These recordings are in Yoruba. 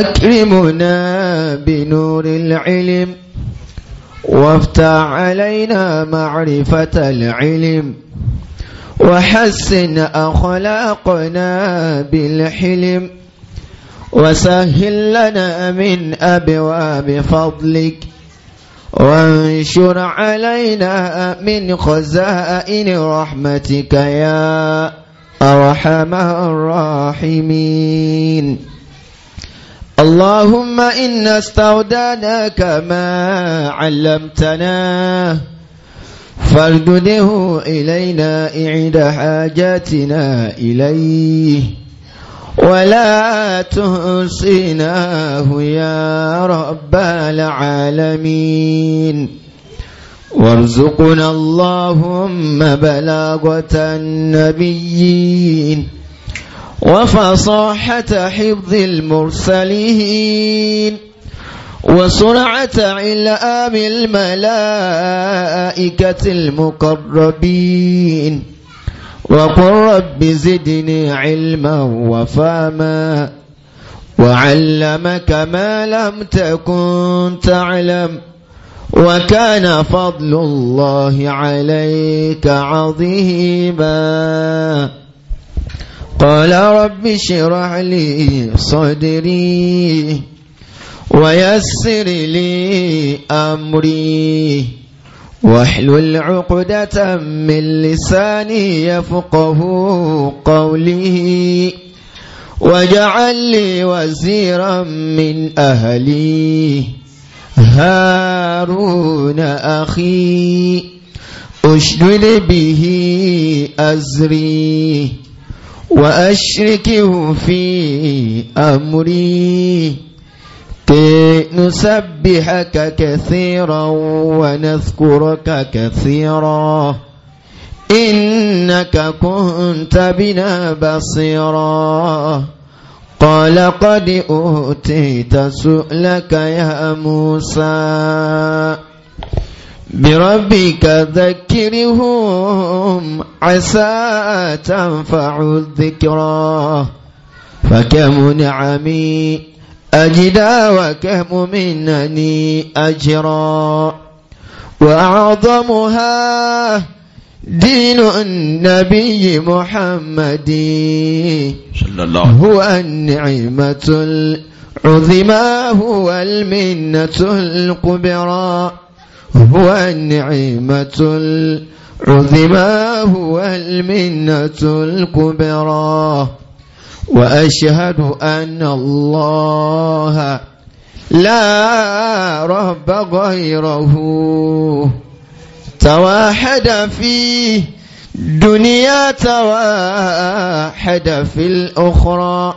أكرمنا بنور العلم وافتح علينا معرفة العلم وحسن أخلاقنا بالحلم وسهل لنا من أبواب فضلك وانشر علينا من خزائن رحمتك يا أرحم الراحمين اللهم إنا استودعناك ما علمتنا فاردده إلينا إعيد حاجاتنا إليه ولا تهصيناه يا رب العالمين وارزقنا اللهم بلاغة النبيين وفصاحة حفظ المرسلين وسرعة علام الملائكة المقربين وقل رب زدني علما وفاما وعلمك ما لم تكن تعلم وكان فضل الله عليك عظيما قال رب اشرح لي صدري ويسر لي أمري واحلل عقدة من لساني يفقه قولي واجعل لي وزيرا من أهلي هارون أخي أشدد به أزري وأشركه في أمري كي نسبحك كثيرا ونذكرك كثيرا إنك كنت بنا بصيرا قال قد أوتيت سؤلك يا موسى بربك ذكرهم عسى تنفع الذكرى فكم نعمي أجدا وكم منني أجرا وأعظمها دين النبي محمد صلى الله عليه هو النعمة العظمى هو المنة الكبرى هو النعمة العظمى هو المنة الكبرى وأشهد أن الله لا رب غيره توحد في دنيا توحد في الأخرى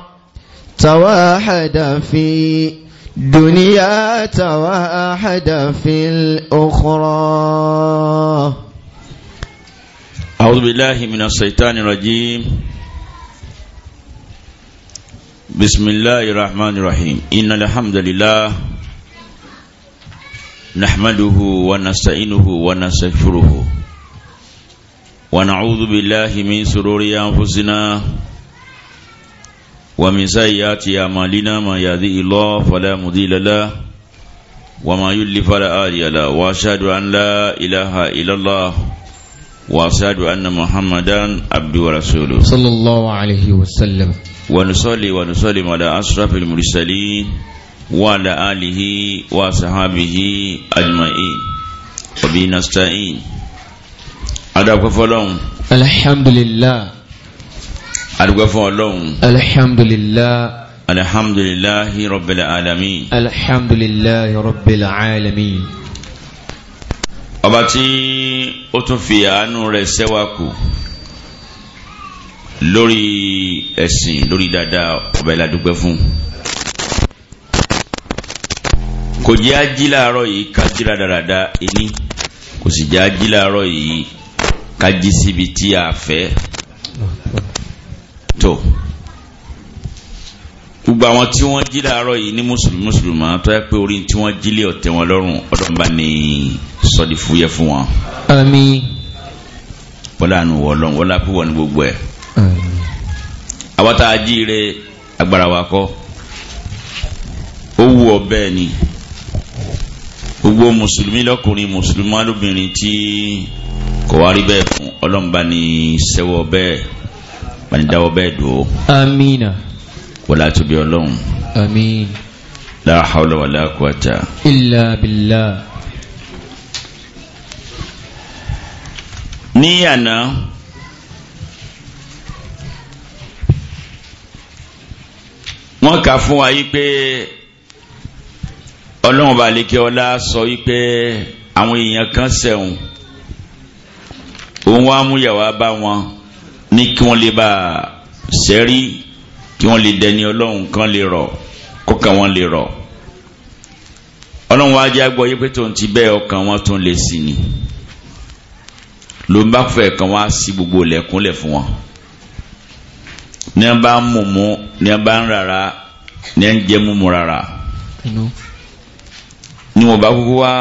توحد في دنيا تواحد في الأخرى أعوذ بالله من الشيطان الرجيم بسم الله الرحمن الرحيم إن الحمد لله نحمده ونستعينه ونستغفره ونعوذ بالله من سرور أنفسنا ومن سيئات أعمالنا ما يهدي الله فلا مضل له وما يضلل فلا هادي له وأشهد أن لا إله إلا الله وأشهد أن محمدا عبده ورسوله صلى الله عليه وسلم ونصلي ونسلم على أشرف المرسلين وعلى آله وصحابه أجمعين وبه نستعين أدعوك فلون الحمد لله adúgbò fún ọlọ́run. alhamdulilah. alhamdulilahi rabbil alamin. alhamdulilahi rabbil alamin. ọba tí ó tún fi àánú rẹ̀ ṣẹ́wà kù lórí ẹ̀sìn lórí dáadáa ọba ìlàdúgbò fún kò jẹ́ ají yìí ká jíra dáradá ẹni kò sì jẹ́ ají yìí ká jí síbi tí a fẹ́ tó gbogbo àwọn tí wọ́n jí làárọ̀ yìí ní mùsùlùmí mùsùlùmí tó yẹ pé orí tí wọ́n jí lé ọ̀tẹ̀ wọn lọ́rùn ọdún bá ní sọ́ọ̀dì fúyẹ́ fún wọn. àmín. bọ́lá àánú wọ lọ́n wọ́lá púpọ̀ ní gbogbo ẹ̀. àmín. àwọn tá a jí re agbára wa kọ́ ó wù ọ bẹ́ẹ̀ ni gbogbo mùsùlùmí lọ́kùnrin mùsùlùmí lóbìnrin tí kò wá rí bẹ́ẹ̀ fún ọlọ́mùbá ní sẹ́wọ́ bẹ́ẹ̀ bani dáwọ́ bẹ́ẹ̀ dùn ó. amina. wọlé àtúbí ọlọ́run. amin. la hawla wala quwata. illa billah. ní àná. wọ́n kà fún wa yí pé ọlọ́run bá lè kí ọlá sọ yí pé àwọn èèyàn kan sẹ̀wọ̀n òun wá mú yàwá bá wọn ní kí wọ́n lè bá sẹ́rí kí wọ́n lè dẹni ọlọ́run kan lè rọ̀ kọ́kàn wọn lè rọ̀ ọlọ́run wá jẹ́ agbọ́ yí pé tó ń ti bẹ́ẹ̀ ọkàn wọn tó ń lè sí ni ló ń bá fẹ́ kàn wá sí gbogbo lẹ́kúnlẹ̀ fún wọn ní a bá ń mùmú ní a bá ń rárá ní a jẹ́ múmu rárá ni wọn bá kúkú wá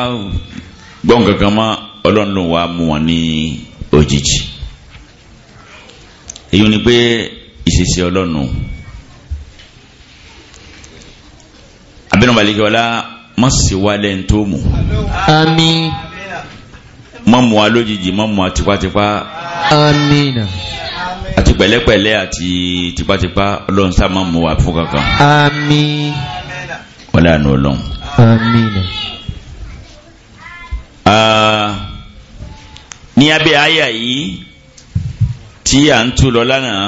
gbọ́n kankan mọ́ ọlọ́run ló wá mú wọn ní òjijì èyí ni pé ìṣesí ọlọ́nu abẹ́nubalẹ̀ ìjọba mọ̀síwálẹ̀ ń tó mú. àmín. mọ̀mú wa lójijì mọ̀mú wa tipátipá. àmín. àti pẹ̀lẹ́pẹ̀lẹ́ àti tipátipá ọlọ́run sá mọ̀mú wa fún kankan. àmín. wọ́n lé àánú ọlọ́run. àmín. Ah, ní abẹ́ àyà yìí tí à ń tu lọ lánàá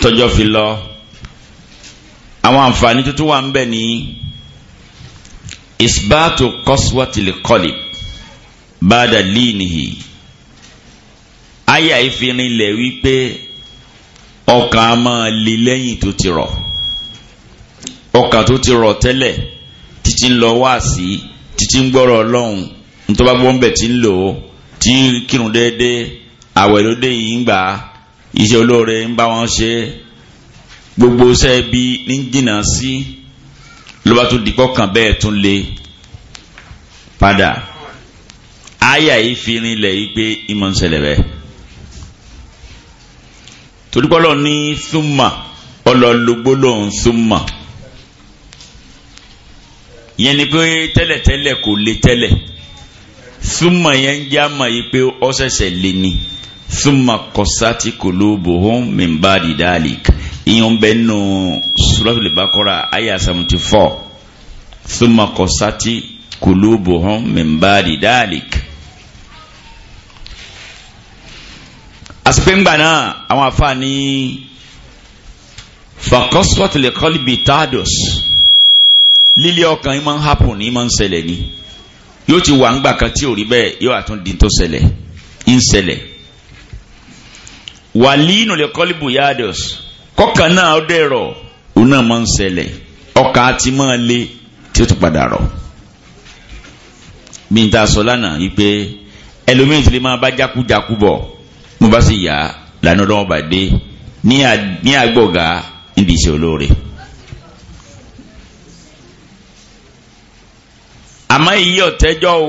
tọjọ́ fi lọ àwọn àǹfààní tuntun wà ń bẹ ní isbaatu kọ́síwátìlì kọ́lì báadà líìnìhì àyà ìfirin lẹ̀ wípé ọkàn a máa le lẹ́yìn tó ti rọ̀ ọkàn tó ti rọ̀ tẹ́lẹ̀ títí ń lọ wáàsí títí ń gbọ́rọ̀ ọlọ́run nítorí bá bẹ̀ tí ń lò ó tí kírun déédéé àwẹ̀ ló dé yìí ń gbà iṣẹ́ olóore ń bá wọn ṣe gbogbo iṣẹ́ bí ní jìnnà sí ló bá tún dìpọ́ kàn bẹ́ẹ̀ tún lé padà àyà yìí fi rinlẹ̀ yìí pé ìmọ̀ ń ṣẹlẹ̀ bẹ́ẹ̀ torípọ́lọ́ ní súnmà ọlọ́lógbó lòun súnmà yẹn ni pé tẹ́lẹ̀tẹ́lẹ̀ kò lè tẹ́lẹ̀ súnmọ yẹn jẹ́ àmà yìí pé ó ṣẹ̀ṣẹ̀ lé ní súnmọ kọsáàtì kulubuhum min ba'di dhalik ìyọ̀n bẹ́ẹ̀ nù suratul Baqara àyà seventy four súnmọ kọsáàtì kulubuhum min ba'di dhalik. àsìpéǹgbà náà àwọn afáàní fakọ́sọ́tìlẹ̀ kọ́líbi tádọ́s lílé ọkàn yìí máa ń hapò ní máa ń ṣẹlẹ̀ ní yóò ti wà ńgbà kan tí ò rí bẹ́ẹ̀ yóò àtún di tó ṣẹlẹ̀ ń ṣẹlẹ̀ wàlíìnù lè kọ́líbù yáàdọ̀s kọ́kàn náà ó dẹ̀rọ̀ òun náà máa ń ṣẹlẹ̀ ọkà àti máa le tí ó ti padà rọ̀ bí ta sọ lánàá yìí ẹlòmíì ti lè máa bá jákújákú bọ̀ mo bá sì yà lánàá lọ́wọ́ bá ní àgbọ̀gá níbi iṣẹ́ olóore. àmọ́ èyí ọ̀tẹ́jọ́ o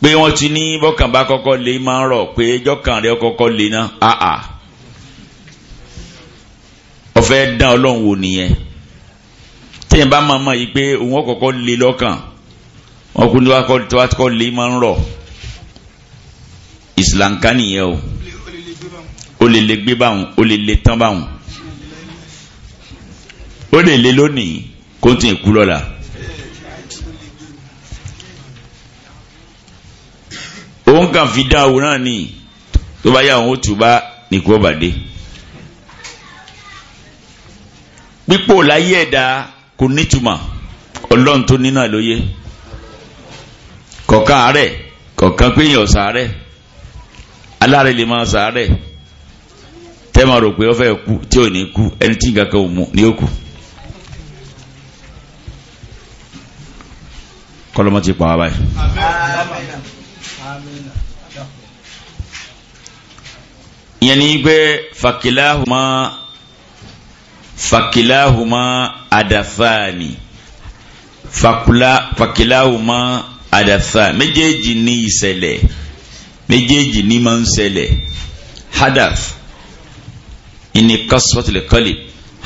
pé wọ́n ti ní bọ́kànbá kọ́kọ́ lé máa ń rọ̀ pé jọ́kàn rẹ̀ kọ́kọ́ lé náà àà ọ̀fẹ́ dán ọlọ́run wò nìyẹn tẹ́yìn bá máa mọ̀ yìí pé òun ọ̀kọ̀ọ̀kọ́ lé lọ́kàn ọkùnrin tó wá tó wá kọ́ lé máa ń rọ̀ ìsìláǹkà nìyẹn o ó lè lè gbé báwọn ó lè lè tán báwọn ó lè lè lónìí kó tún ìkú lọ́la. òun kàn fi dá àwòrán ni tó bá yà òun ó tù bá nìkú ọba dé pípò láyé ẹ̀dá kò nítumọ̀ ọlọ́run tó nínú àlóyé kọ̀ọ̀kan àárẹ̀ kọ̀ọ̀kan péyàn sàárẹ̀ alárẹ̀ lè máa sàárẹ̀ tẹ́ máa rò pé ó fẹ́ kú tí ò ní kú ẹni tí nǹkan kan ò mú ni ó kù. kọlọmọ ti pa wá báyìí ìyẹn ni pé fàkìláhùmá fàkìláhùmá àdàfáàní fàkìláhùmá àdàfáà méjèèjì ní ìṣẹ̀lẹ̀ méjèèjì ní máa ń ṣẹlẹ̀ hadaf ìní kọ́sọ́tìlẹ̀kọ́lì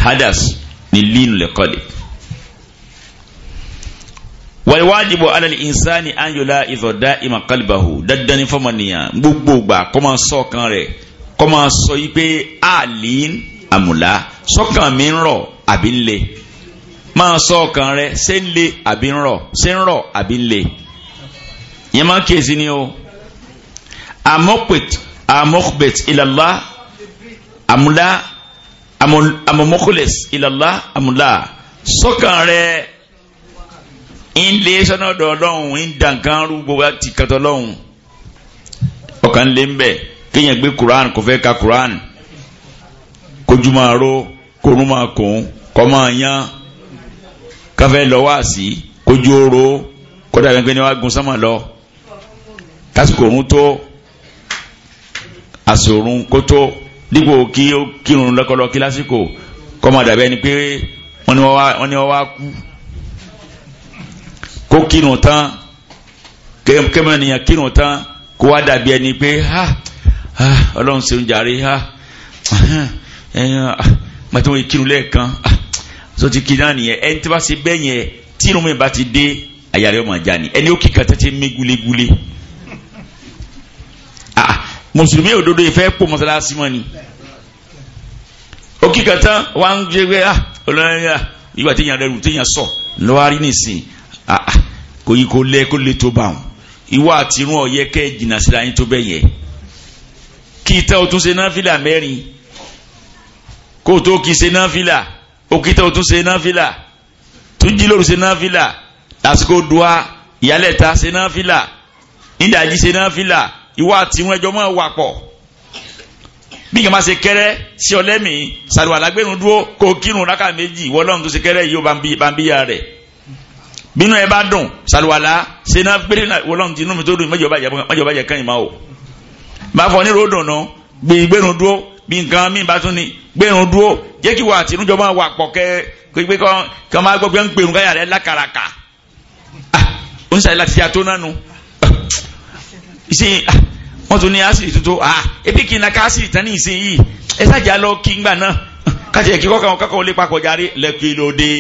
hadas ní línu lẹ́kọ́lì wàlíwájibọ alali ìnsáni anyola ìzọdá ìmàkàlìbàhù dandan ní fọmọnìyàn gbogbo gbà kọ́mọ sọ́ọ̀kan rẹ̀ kọ́mọ sọ yìí pé àlín àmùlá sọ́kàn mi ń rọ̀ àbí ń le máa sọ́ọ̀kan rẹ̀ ṣé ń le àbí ń rọ̀ ṣé ń le yẹn máa ni o amokbet amokbet ilàlá àmùlá amomokules ilàlá àmùlá sọ́kàn rẹ̀ ń lé sọ́nà ọ̀dọ̀ ọlọ́run ń dà nǹkan rú gbogbo àti kàtọ́ ọlọ́run ọkàn lé ń bẹ̀ kéèyàn gbé Quran kò ka Quran kójú máa ró kórun máa kùn kọ́ máa yán káfẹ́ lọ wá sí kójú oró kódà gbẹgbẹ́ ni wàá gun sánmà lọ kásìkò òrun tó àsòrun kó tó dípò kí ó kírun lọ́kọ́lọ́ kí ni pé wọ́n ní wọ́n wá kó kírun tán kẹ́mọ́ nìyẹn kírun tán kó wá dàbí ẹni pé ha ha ọlọ́run ṣeun jàre ha ẹ̀yàn pàtó wọn kírun lẹ́ẹ̀kan tó ah, ti kiri náà nìyẹn ẹni tí wọ́n ṣe bẹ́ẹ̀ yẹn tírun mi bá ti dé àyàrá ọmọ ajá ni ẹni ó kí kàtà ti mí gulegule ah, mùsùlùmí òdodo yìí fẹ́ pò mọ́sálásí mọ́ ni ó kí kàtà wà ń gbé gbé ah olóyè ah, ìgbà téèyàn rẹ̀ rù téèyàn sọ lọ́wọ́ rí nìsín kò yí kó lẹ kó lè tó bá wọn ìwọ àti irun ọ̀yẹ kẹ́ ẹ̀ jìnnà síra yín tó bẹ́ yẹ kí ìta o tún ṣe náfìlà mẹ́rin kó o tó kì í ṣe náfìlà ó kì í ta o tún ṣe náfìlà tún jí lóru ṣe náfìlà lásìkò dùá ìyálẹ̀ta ṣe náfìlà nídàájí ṣe náfìlà ìwọ àti irun ẹjọ́ máa wà pọ̀ bí kìí ṣe kẹrẹ sí ọlẹ́mìí sàlùwàlágbẹ́rún dúró kó kírun rákà méjì wọ́lọ́run tó ṣe kẹrẹ yìí ó bá ń bíya rẹ̀ bínú ẹ bá dùn ṣàlùwàlá ṣe náà péré náà wọlọ́n tí inú mi tó dùn mẹ́jọba jẹ mẹ́jọba jẹ kẹ́yìn máa o. bá fọ ní ròdùn nù gbé gbẹ̀rún dúró bí nǹkan mí bá tún ni gbẹ̀rún dúró jẹ́ kí wà á tinú jọba wà pọ̀ kẹ́ pé kàn máa gbọ́ pé ń pèrún káyà rẹ̀ lákàràkà. Ah, ó ń ṣàlàyé láti yàtọ̀ nánu ah, ìsìn ah, wọ́n tún ní ásìrì tuntun ebi kì í na ká ásìrì tán ní ìsìn yìí ẹ sáàjà lọ kí ngbà náà kájẹ̀ kíkọ́ kàwọn kákọ́ lé papọ̀ járe lẹ́kìlódé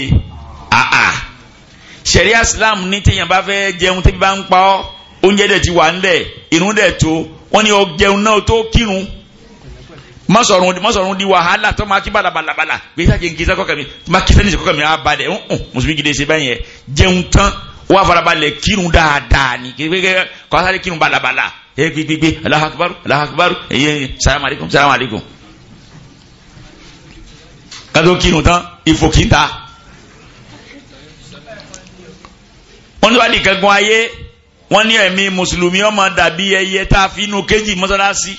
sẹ̀ríà islam ní téèyàn bá fẹ́ jẹun tẹ́bí bá ń pa ọ́ oúnjẹ dẹ̀ ti wà ńlẹ̀ irun dẹ̀ tó wọ́n ní ọ jẹun náà tó kírun mọ́sọ̀rún mọ́sọ̀rún di wàhálà tó máa kí balabalabala bí sáàjì ń kí sákọ́kà mi máa kí sẹ́ni ìṣẹ́kọ́kà mi á balẹ̀ ǹǹ mùsùlùmí gidi ṣe báyẹn jẹun tán wà farabalẹ̀ kírun dáadáa ni kékeré kọ́ kírun balabala ẹ gbégbégbé Allahu Akbar Allahu salamu alaikum salamu alaikum kátó kírun tán ìfòkìta wọ́n ní wàdí kankan ayé wọ́n ní ẹ̀mí mùsùlùmí ọmọ dàbí ẹyẹ tá a fi inú kéjì mọ́sálásí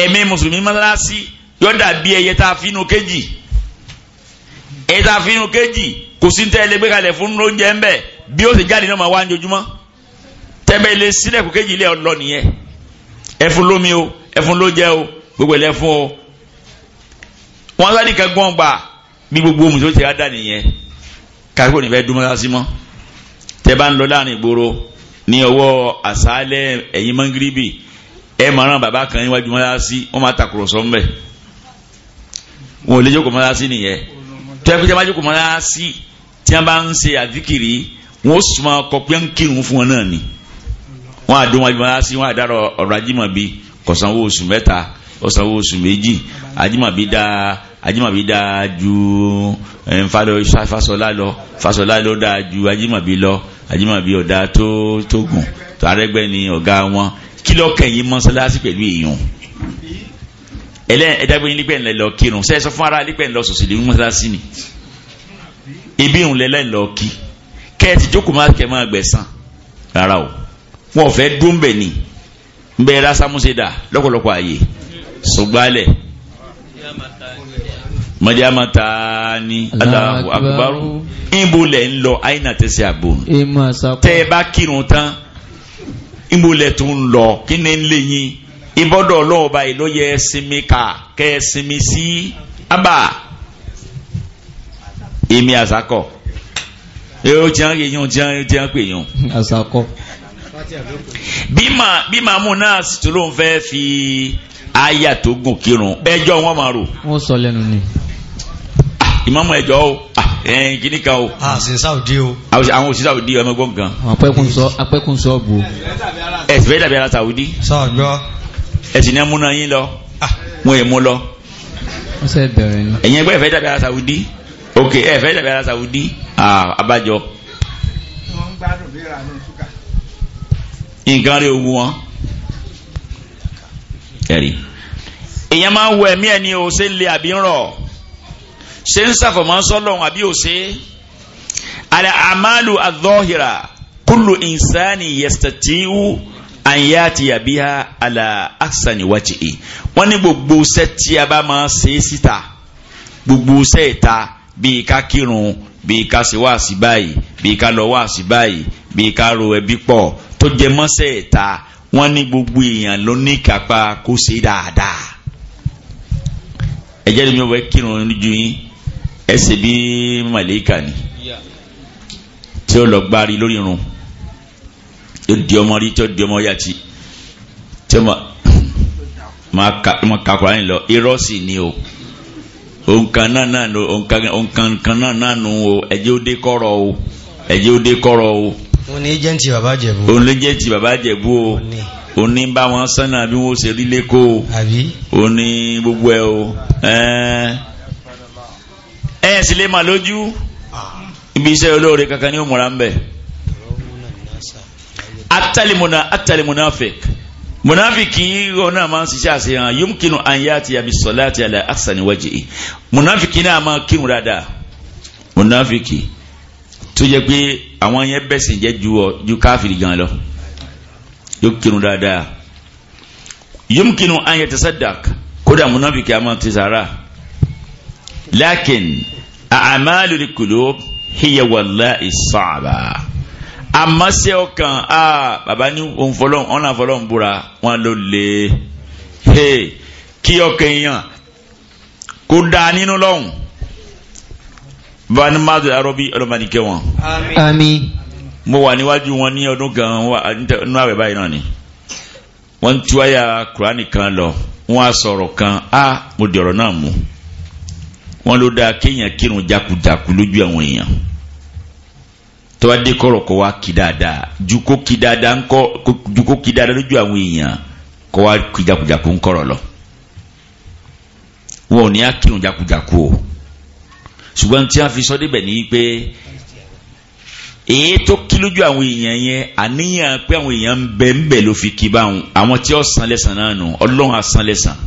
ẹ̀mí mùsùlùmí mọ́sálásí yọ dàbí ẹyẹ tá a fi inú kéjì ẹyẹ tá a fi inú kéjì kò sí tẹ́ ẹ lé gbé kalẹ̀ fún oúnjẹ ń bẹ̀ bí ó sì jáde náà máa wá ojoojúmọ́ tẹ́bẹ̀ ilé sílẹ̀ kó kéjì ilé ọlọ nìyẹn ẹ fún lómi o ẹ fún lóúnjẹ o gbogbo ẹlẹ́ fún o wọ́n sáré kankan gbà bí gbogbo mùsùlùmí ti rá dà nìyẹn kárí tẹ́ bá ń lọ láàrin ìgboro ní ọwọ́ àṣálẹ́ ẹ̀yìn mọ́ngíríbì ẹ máa rán bàbá kan níwájú mọ́láṣí wọ́n máa tàkùrọ̀sọ ń bẹ̀ wọn ò lè jókòó mọ́láṣí nìyẹn tó yẹ kó tẹ́ bá jókòó mọ́láṣí tí wọ́n bá ń ṣe àdíkìrì wọ́n sùn máa kọ pé ń kírun fún wọn náà ni wọ́n àdó wájú mọ́láṣí wọ́n àdárọ̀ ọ̀rọ̀ ajímọ̀bí kọ̀sánwó oṣù mẹ́ta kọ̀sánwó oṣù méjì ajímọ̀bí dáa ajimabi dáa ju fasola lọ fasola lọ dáa ju ajimabi lọ Ajímọ̀bí ọ̀dà tó tó gùn tó arẹ́gbẹ́ ni ọ̀gá wọn kí lọ́ọ́ kẹ̀yìn mọ́sálásí pẹ̀lú èèyàn ẹlẹ́ ẹ̀dágbé yín nígbẹ̀ ńlẹ̀ lọ kírun ṣe é sọ fún ara nígbẹ̀ ńlọ sòsì ní mọ́sálásí ni ibi ìhùn lẹ́lẹ́ ńlọ kí kẹ́ẹ̀tì jókòó má kẹ́ máa gbẹ̀sán rárá o wọn ò fẹ́ dúnbẹ̀ ni ń bẹ́ẹ̀ rásámúṣe dà lọ́pọ̀lọpọ̀ àyè sọgbálẹ̀ mọ̀jáma taa ni Allahu Akbar ìbò lẹ̀ ń lọ àyìnà tẹ̀sí àbò tẹ́ ẹ bá kírun tán ìbò lẹ̀ tó ń lọ kí ni ń lè yín ìbọ́dọ̀ ọlọ́ọ̀ba yìí ló yẹ sinmi kà kẹ́ ẹ sí abà èmi àsakọ̀ èrò jẹ́ ń yẹ̀yàn jẹ́ ń pè yàn. àsakọ̀. bímà bímà mú náà sì tó ló ń fẹ́ fi aya tó gùn kírun ẹjọ́ wọn máa rò. wọ́n sọ lẹ́nu ni ìmáàmù ẹjọ́ o ah, ẹ̀yìn kìíní kan o. àwọn ah, Saudi o. àwọn Saudi ọmọ ẹgbọ́n kan. apẹ́kùn sọ́ọ̀bù. ẹ̀sìn fẹ́ dàbí ara Saudi. sọ́ọ̀gbọ́. ẹ̀sìn ní amúná yín lọ wọn ah. èèmú lọ. ẹ̀yìn ẹgbẹ́ ẹ̀fẹ́ dàbí ara Saudi. ok ẹ̀fẹ́ dàbí ara Saudi. abájọ. nǹkan rẹ̀ ogun wọn. ẹ̀rí. èèyàn máa ń wọ ẹ̀mí ẹni o ṣe ń le àbí ń rọ̀ ṣe ń ṣàfọ̀mọ́ sọ́lọ́hún àbí òṣè àlẹ́ àmàlù àdọ́hìrà kúlù ìnsáni yẹ̀sítẹ̀tìwù àyàtì àbíhá àlà àṣàní wájìí wọ́n ní gbogbo iṣẹ́ tí a bá máa ṣe é síta gbogbo iṣẹ́ ìta bíi ká kírun bíi ká ṣe wáàsí báyìí bíi ká lọ wáàsí báyìí bíi ká ro ẹbí pọ̀ tó jẹ mọ́ṣẹ́ ìta wọ́n ní gbogbo èèyàn ló ní kápá kó ṣe dáadáa ẹ̀jẹ̀ ni mi ò wẹ́ kírun lójú yín ẹsẹ̀ bí màlẹ́kà ni tí ó lọ gbárí lórí irun yóò di ọmọ rí tí ó di ọmọ yàtí tí ó máa kakura yín lọ irọ́ sì ni o òǹkan náà náà no òǹkan kan náà náà no o ẹ̀jẹ̀ ó dé kọ́rọ̀ o ẹ̀jẹ̀ ó dé kọ́rọ̀ o. òun ní jẹ́ ti bàbá jẹ̀bú. òun ní bàbá jẹ̀bú o òun bá wọn sánà bí wọ́n ṣe rí lẹ́kọ́ o gbogbo ẹ o. Eh ẹ̀ sì lè mà lójú ibi iṣẹ́ olóore kankan ní òmùra ń bẹ̀. atalimuna atalimunafik munafiki ọ̀nà máa ń ṣiṣẹ́ àṣeyàn yomkinu anyati abisolati ala asani waji munafiki náà máa kírun dáadáa munafiki tó jẹ́ pé àwọn yẹn bẹ̀sìn jẹ́ ju ọ ju káfíìrì gan lọ yóò kírun dáadáa yomkinu anyati sadak kódà munafiki a máa ti sàrà lakin a'malul qulub hiya wallahi sa'aba àmọ́ sí ọkàn a bàbá ní òun fọlọ́n ọ̀nà fọlọ́n búra wọn ló lè he kí ọkàn èèyàn kó dáa nínú lọ́hùn bàbá ní má dùn arọ́bí ọlọ́mọdékẹ́ wọn. àmín. mo wà níwájú wọn ní ọdún kan nínú àwẹ̀ báyìí náà ni wọ́n ń àyà kúránì lọ wọ́n á sọ̀rọ̀ kan a mo dọ̀rọ̀ náà mú wọn ló dáa kéèyàn kírun jákujáku lójú àwọn èèyàn tọ́wádé kọ̀rọ̀ kọ́ wa kí dáadáa ju kí dáadáa ńkọ́ ju kí dáadáa lójú àwọn èèyàn kọ́ wa kí jákujáku ńkọ̀rọ̀ lọ wọn ò ní á kírun jákujáku o ṣùgbọ́n tí a fi sọ débẹ̀ ní pé èyí tó kí lójú àwọn èèyàn yẹn àníyàn pé àwọn èèyàn ń bẹ ń bẹ ló fi kí báwọn àwọn tí ó san lẹ́sàn náà nù ọlọ́run á san lẹ́sàn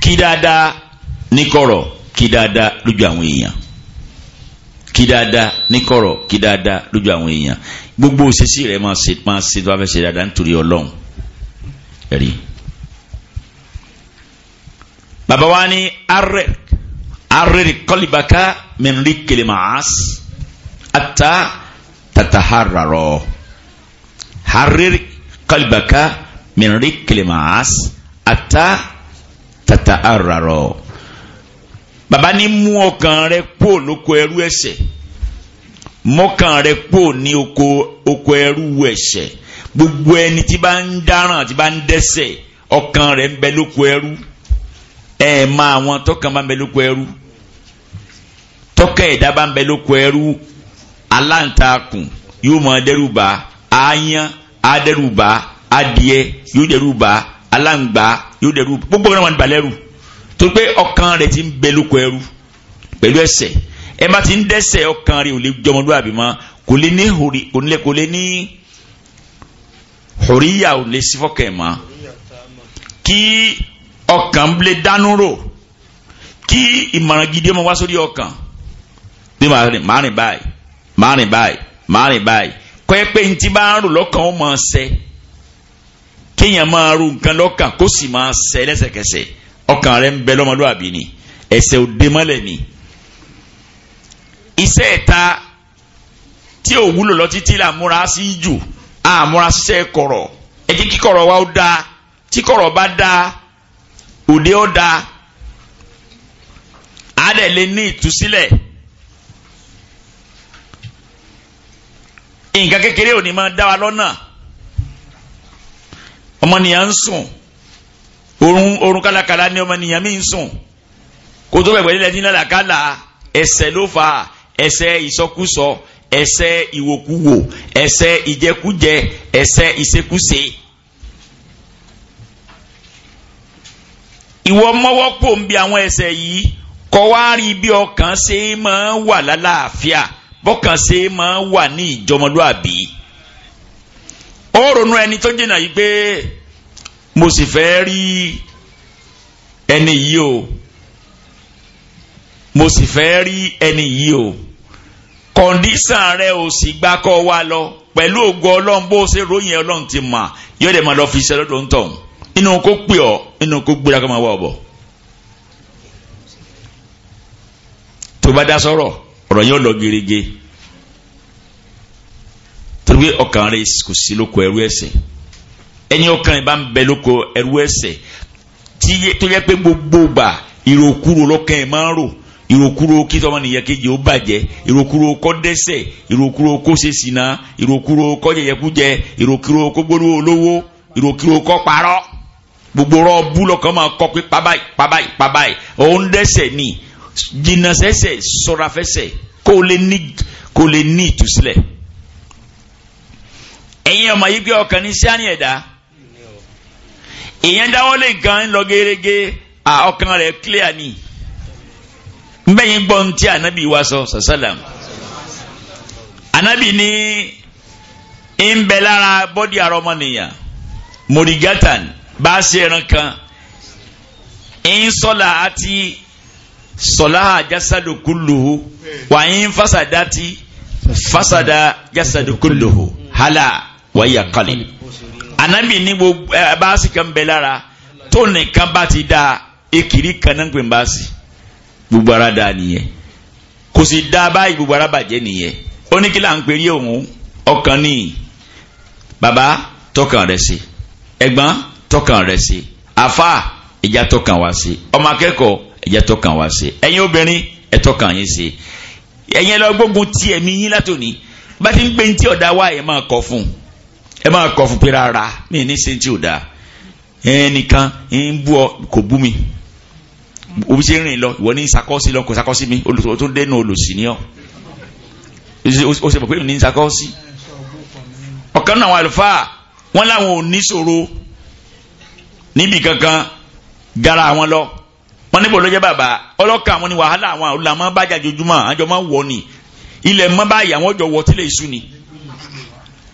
kí dáadáa ní kọ̀rọ̀ kí dáadáa lójú àwọn èèyàn kí dáadáa ní kọ̀rọ̀ kí dáadáa lójú àwọn èèyàn gbogbo òṣèṣì rẹ̀ máa ṣe máa ṣe tó bá fẹ́ ṣe dáadáa nítorí ọlọ́run rí bàbá wa ní arẹ arẹ kọlìbàkà mẹrin kele màás ata tatahararọ arẹ kọlìbàkà mẹrin kele màás ata tata ararọ baba ni mú ọkàn rẹ kó lóko ẹrú ẹ̀ṣẹ̀ mọkàn rẹ kó ní oko oko ẹrú ẹ̀ṣẹ̀ gbogbo ẹni tí bá ń dáràn tí bá ń dẹ́ṣẹ̀ ọkàn rẹ ń bẹ lóko ẹrú ẹ mọ àwọn tọkàn bá ń bẹ lóko ẹrú tọkàn ẹ̀dá bá ń bẹ lóko ẹrú aláǹtakùn yóò máa dẹ́rùbà àáyán á adìẹ yóò dẹ́rùbà aláǹgbá yóò dẹrù gbogbo tó pé ọkàn ti ń bẹ lóko ẹrú pẹ̀lú ẹsẹ̀ ti ń dẹ́sẹ̀ ọkàn ò lè mọ́ kò lè ní kò lè kò lè ní ò lè mọ́ kí ọkàn lè dánú rò kí ìmọ̀ràn gidi ọmọ wá sórí ọkàn bí rìn báyìí rìn báyìí rìn báyìí kọ́ ẹ pé ntí bá ń rò lọ́kàn kéèyàn máa ru nǹkan lọ́kàn kó sì máa sẹ lẹ́sẹ̀kẹsẹ̀ ọkàn rẹ ń bẹ lọ́mọlúwàbí ni ẹsẹ̀ ò dé mọ́lẹ̀ iṣẹ́ ẹ̀ta tí ò wúlò lọ títí là múra sí jù à múra ṣiṣẹ́ kọ̀rọ̀ ẹ jẹ́ kí kọ̀rọ̀ wa ó dáa tí kọ̀rọ̀ bá dáa òde ó ní ìtúsílẹ̀. nǹkan kékeré ò ní máa dá wa lọ́nà. ọmọnìyàn ń sùn orun orun kálákálá ni ọmọnìyàn mi ń sùn kó tó bẹ̀gbẹ̀ nílẹ̀ ní lálàkálà ẹ̀ṣẹ̀ ló fà ẹ̀ṣẹ̀ ìsọkúsọ ẹ̀ṣẹ̀ ìwòkúwò ẹ̀ṣẹ̀ ìjẹkújẹ ẹ̀ṣẹ̀ ìṣekúṣe. ìwọ mọ́wọ́ pò ń bi àwọn ẹ̀ṣẹ̀ yìí kọ́ wá rí bí ọkàn ṣe máa wà lálàáfíà bọ́kàn ṣe máa wà ní ìjọmọlúàbí ó ronú ẹni tó jìnnà yìí pé mo sì fẹ́ rí ẹni yìí o mo sì fẹ́ rí ẹni yìí o kọ̀ǹdísàn rẹ ò sì gbà kọ́ wa lọ pẹ̀lú ògo ọlọ́run bó ṣe ròyìn ọlọ́run ti mà yóò dẹ̀ máa lọ fi iṣẹ́ lọ́dọ̀ ń tọ̀ inú kó pè ọ́ inú kó gbéra kó máa wá ọ̀bọ̀. tó bá dá sọ̀rọ̀ ọ̀rọ̀ yóò lọ gerege wípé ọkàn rẹ kò sí lóko ẹrú ẹ̀ṣẹ̀ ẹni ọkàn rẹ bá ń bẹ lóko ẹrú ẹ̀ṣẹ̀ tó yẹ pé gbogbo gbà ìròkúrò lọ́kàn ẹ̀ máa ń rò ìrokúrò kí tọmọ nìyẹn kejì ó bàjẹ́ ìrokúrò kọ́ dẹ́sẹ̀ ìrokúrò kó ṣe sìnà ìrokúrò kọ́ jẹjẹkújẹ ìrokúrò kó gbólú olówó ìrokúrò kọ́ parọ́ gbogbo rọ́ọ̀bù lọ́kàn máa kọ́ pé pabáyì pabáyì pabáyì òun dẹ́sẹ̀ ni jìnnà sẹ́sẹ̀ sọ̀ràfẹ́sẹ̀ kó lè ní kó lè ní ìtúsílẹ̀ ẹ̀yin ọmọ yìí gbé ọkàn ní sáni ẹ̀dá ìyẹn dáwọ́lé gan lọ gẹ́gẹ́ ọkàn rẹ̀ clear ni mbẹ́yìn gbọ́n tí anabi wa sọ sàsálàm anabi ní ń bẹ lára bọ́dí àrọ́mọnìyàn mọ̀rìgátàn bá a ṣe ẹran kan ń sọ́la àti sọlaha jasadu kulluhu wa in fasadati fasada jasadu kulluhu hala wáyà kalẹ̀ anabi ní gbogbo ẹ baasi kan bẹ lára tó nìkan bá ti da ekiri kan náà pè baasi gbogbo ara da nìyẹn kò sì da báyìí gbogbo ara bàjẹ́ nìyẹn ó ní kí là ń pèrè òun ọkàn ní baba tọkàn rẹ sí ẹ̀gbọ́n tọkàn rẹ sí afa ìjà tọkàn wá sí ọmọ akẹ́kọ̀ọ́ ìjà tọkàn wá sí ẹ̀yin obìnrin ẹ tọkàn yín sí ẹ̀yin ẹ lọ gbógun tiẹ̀ mi yín látòní bá ti ń gbé ní tí ọ̀dà wá ẹ̀ máa kọ fún un ẹ máa kọ̀ fún pé rárá mi ní ṣe tí ò dáa ẹnìkan ń bú ọ kò bú mi òbí ṣe ń rìn lọ ìwọ ní ìsakọ́sí lọ kò sakọ́sí mi olùsọ tó dẹnu olùsí ni ọ ó ṣe pọ̀ pé mi ní ìsakọ́sí ọ̀kan náà àwọn àlùfáà wọ́n láwọn ò níṣòro níbi kankan gara àwọn lọ wọ́n níbo ló jẹ́ bàbá ọlọ́kà àwọn ni wàhálà àwọn àlùlà máa bá jà jojúmọ́ àjọ máa wọ̀ ni ilẹ̀ mọ́ báyìí àwọn ọjọ́ wọ tílé iṣu ni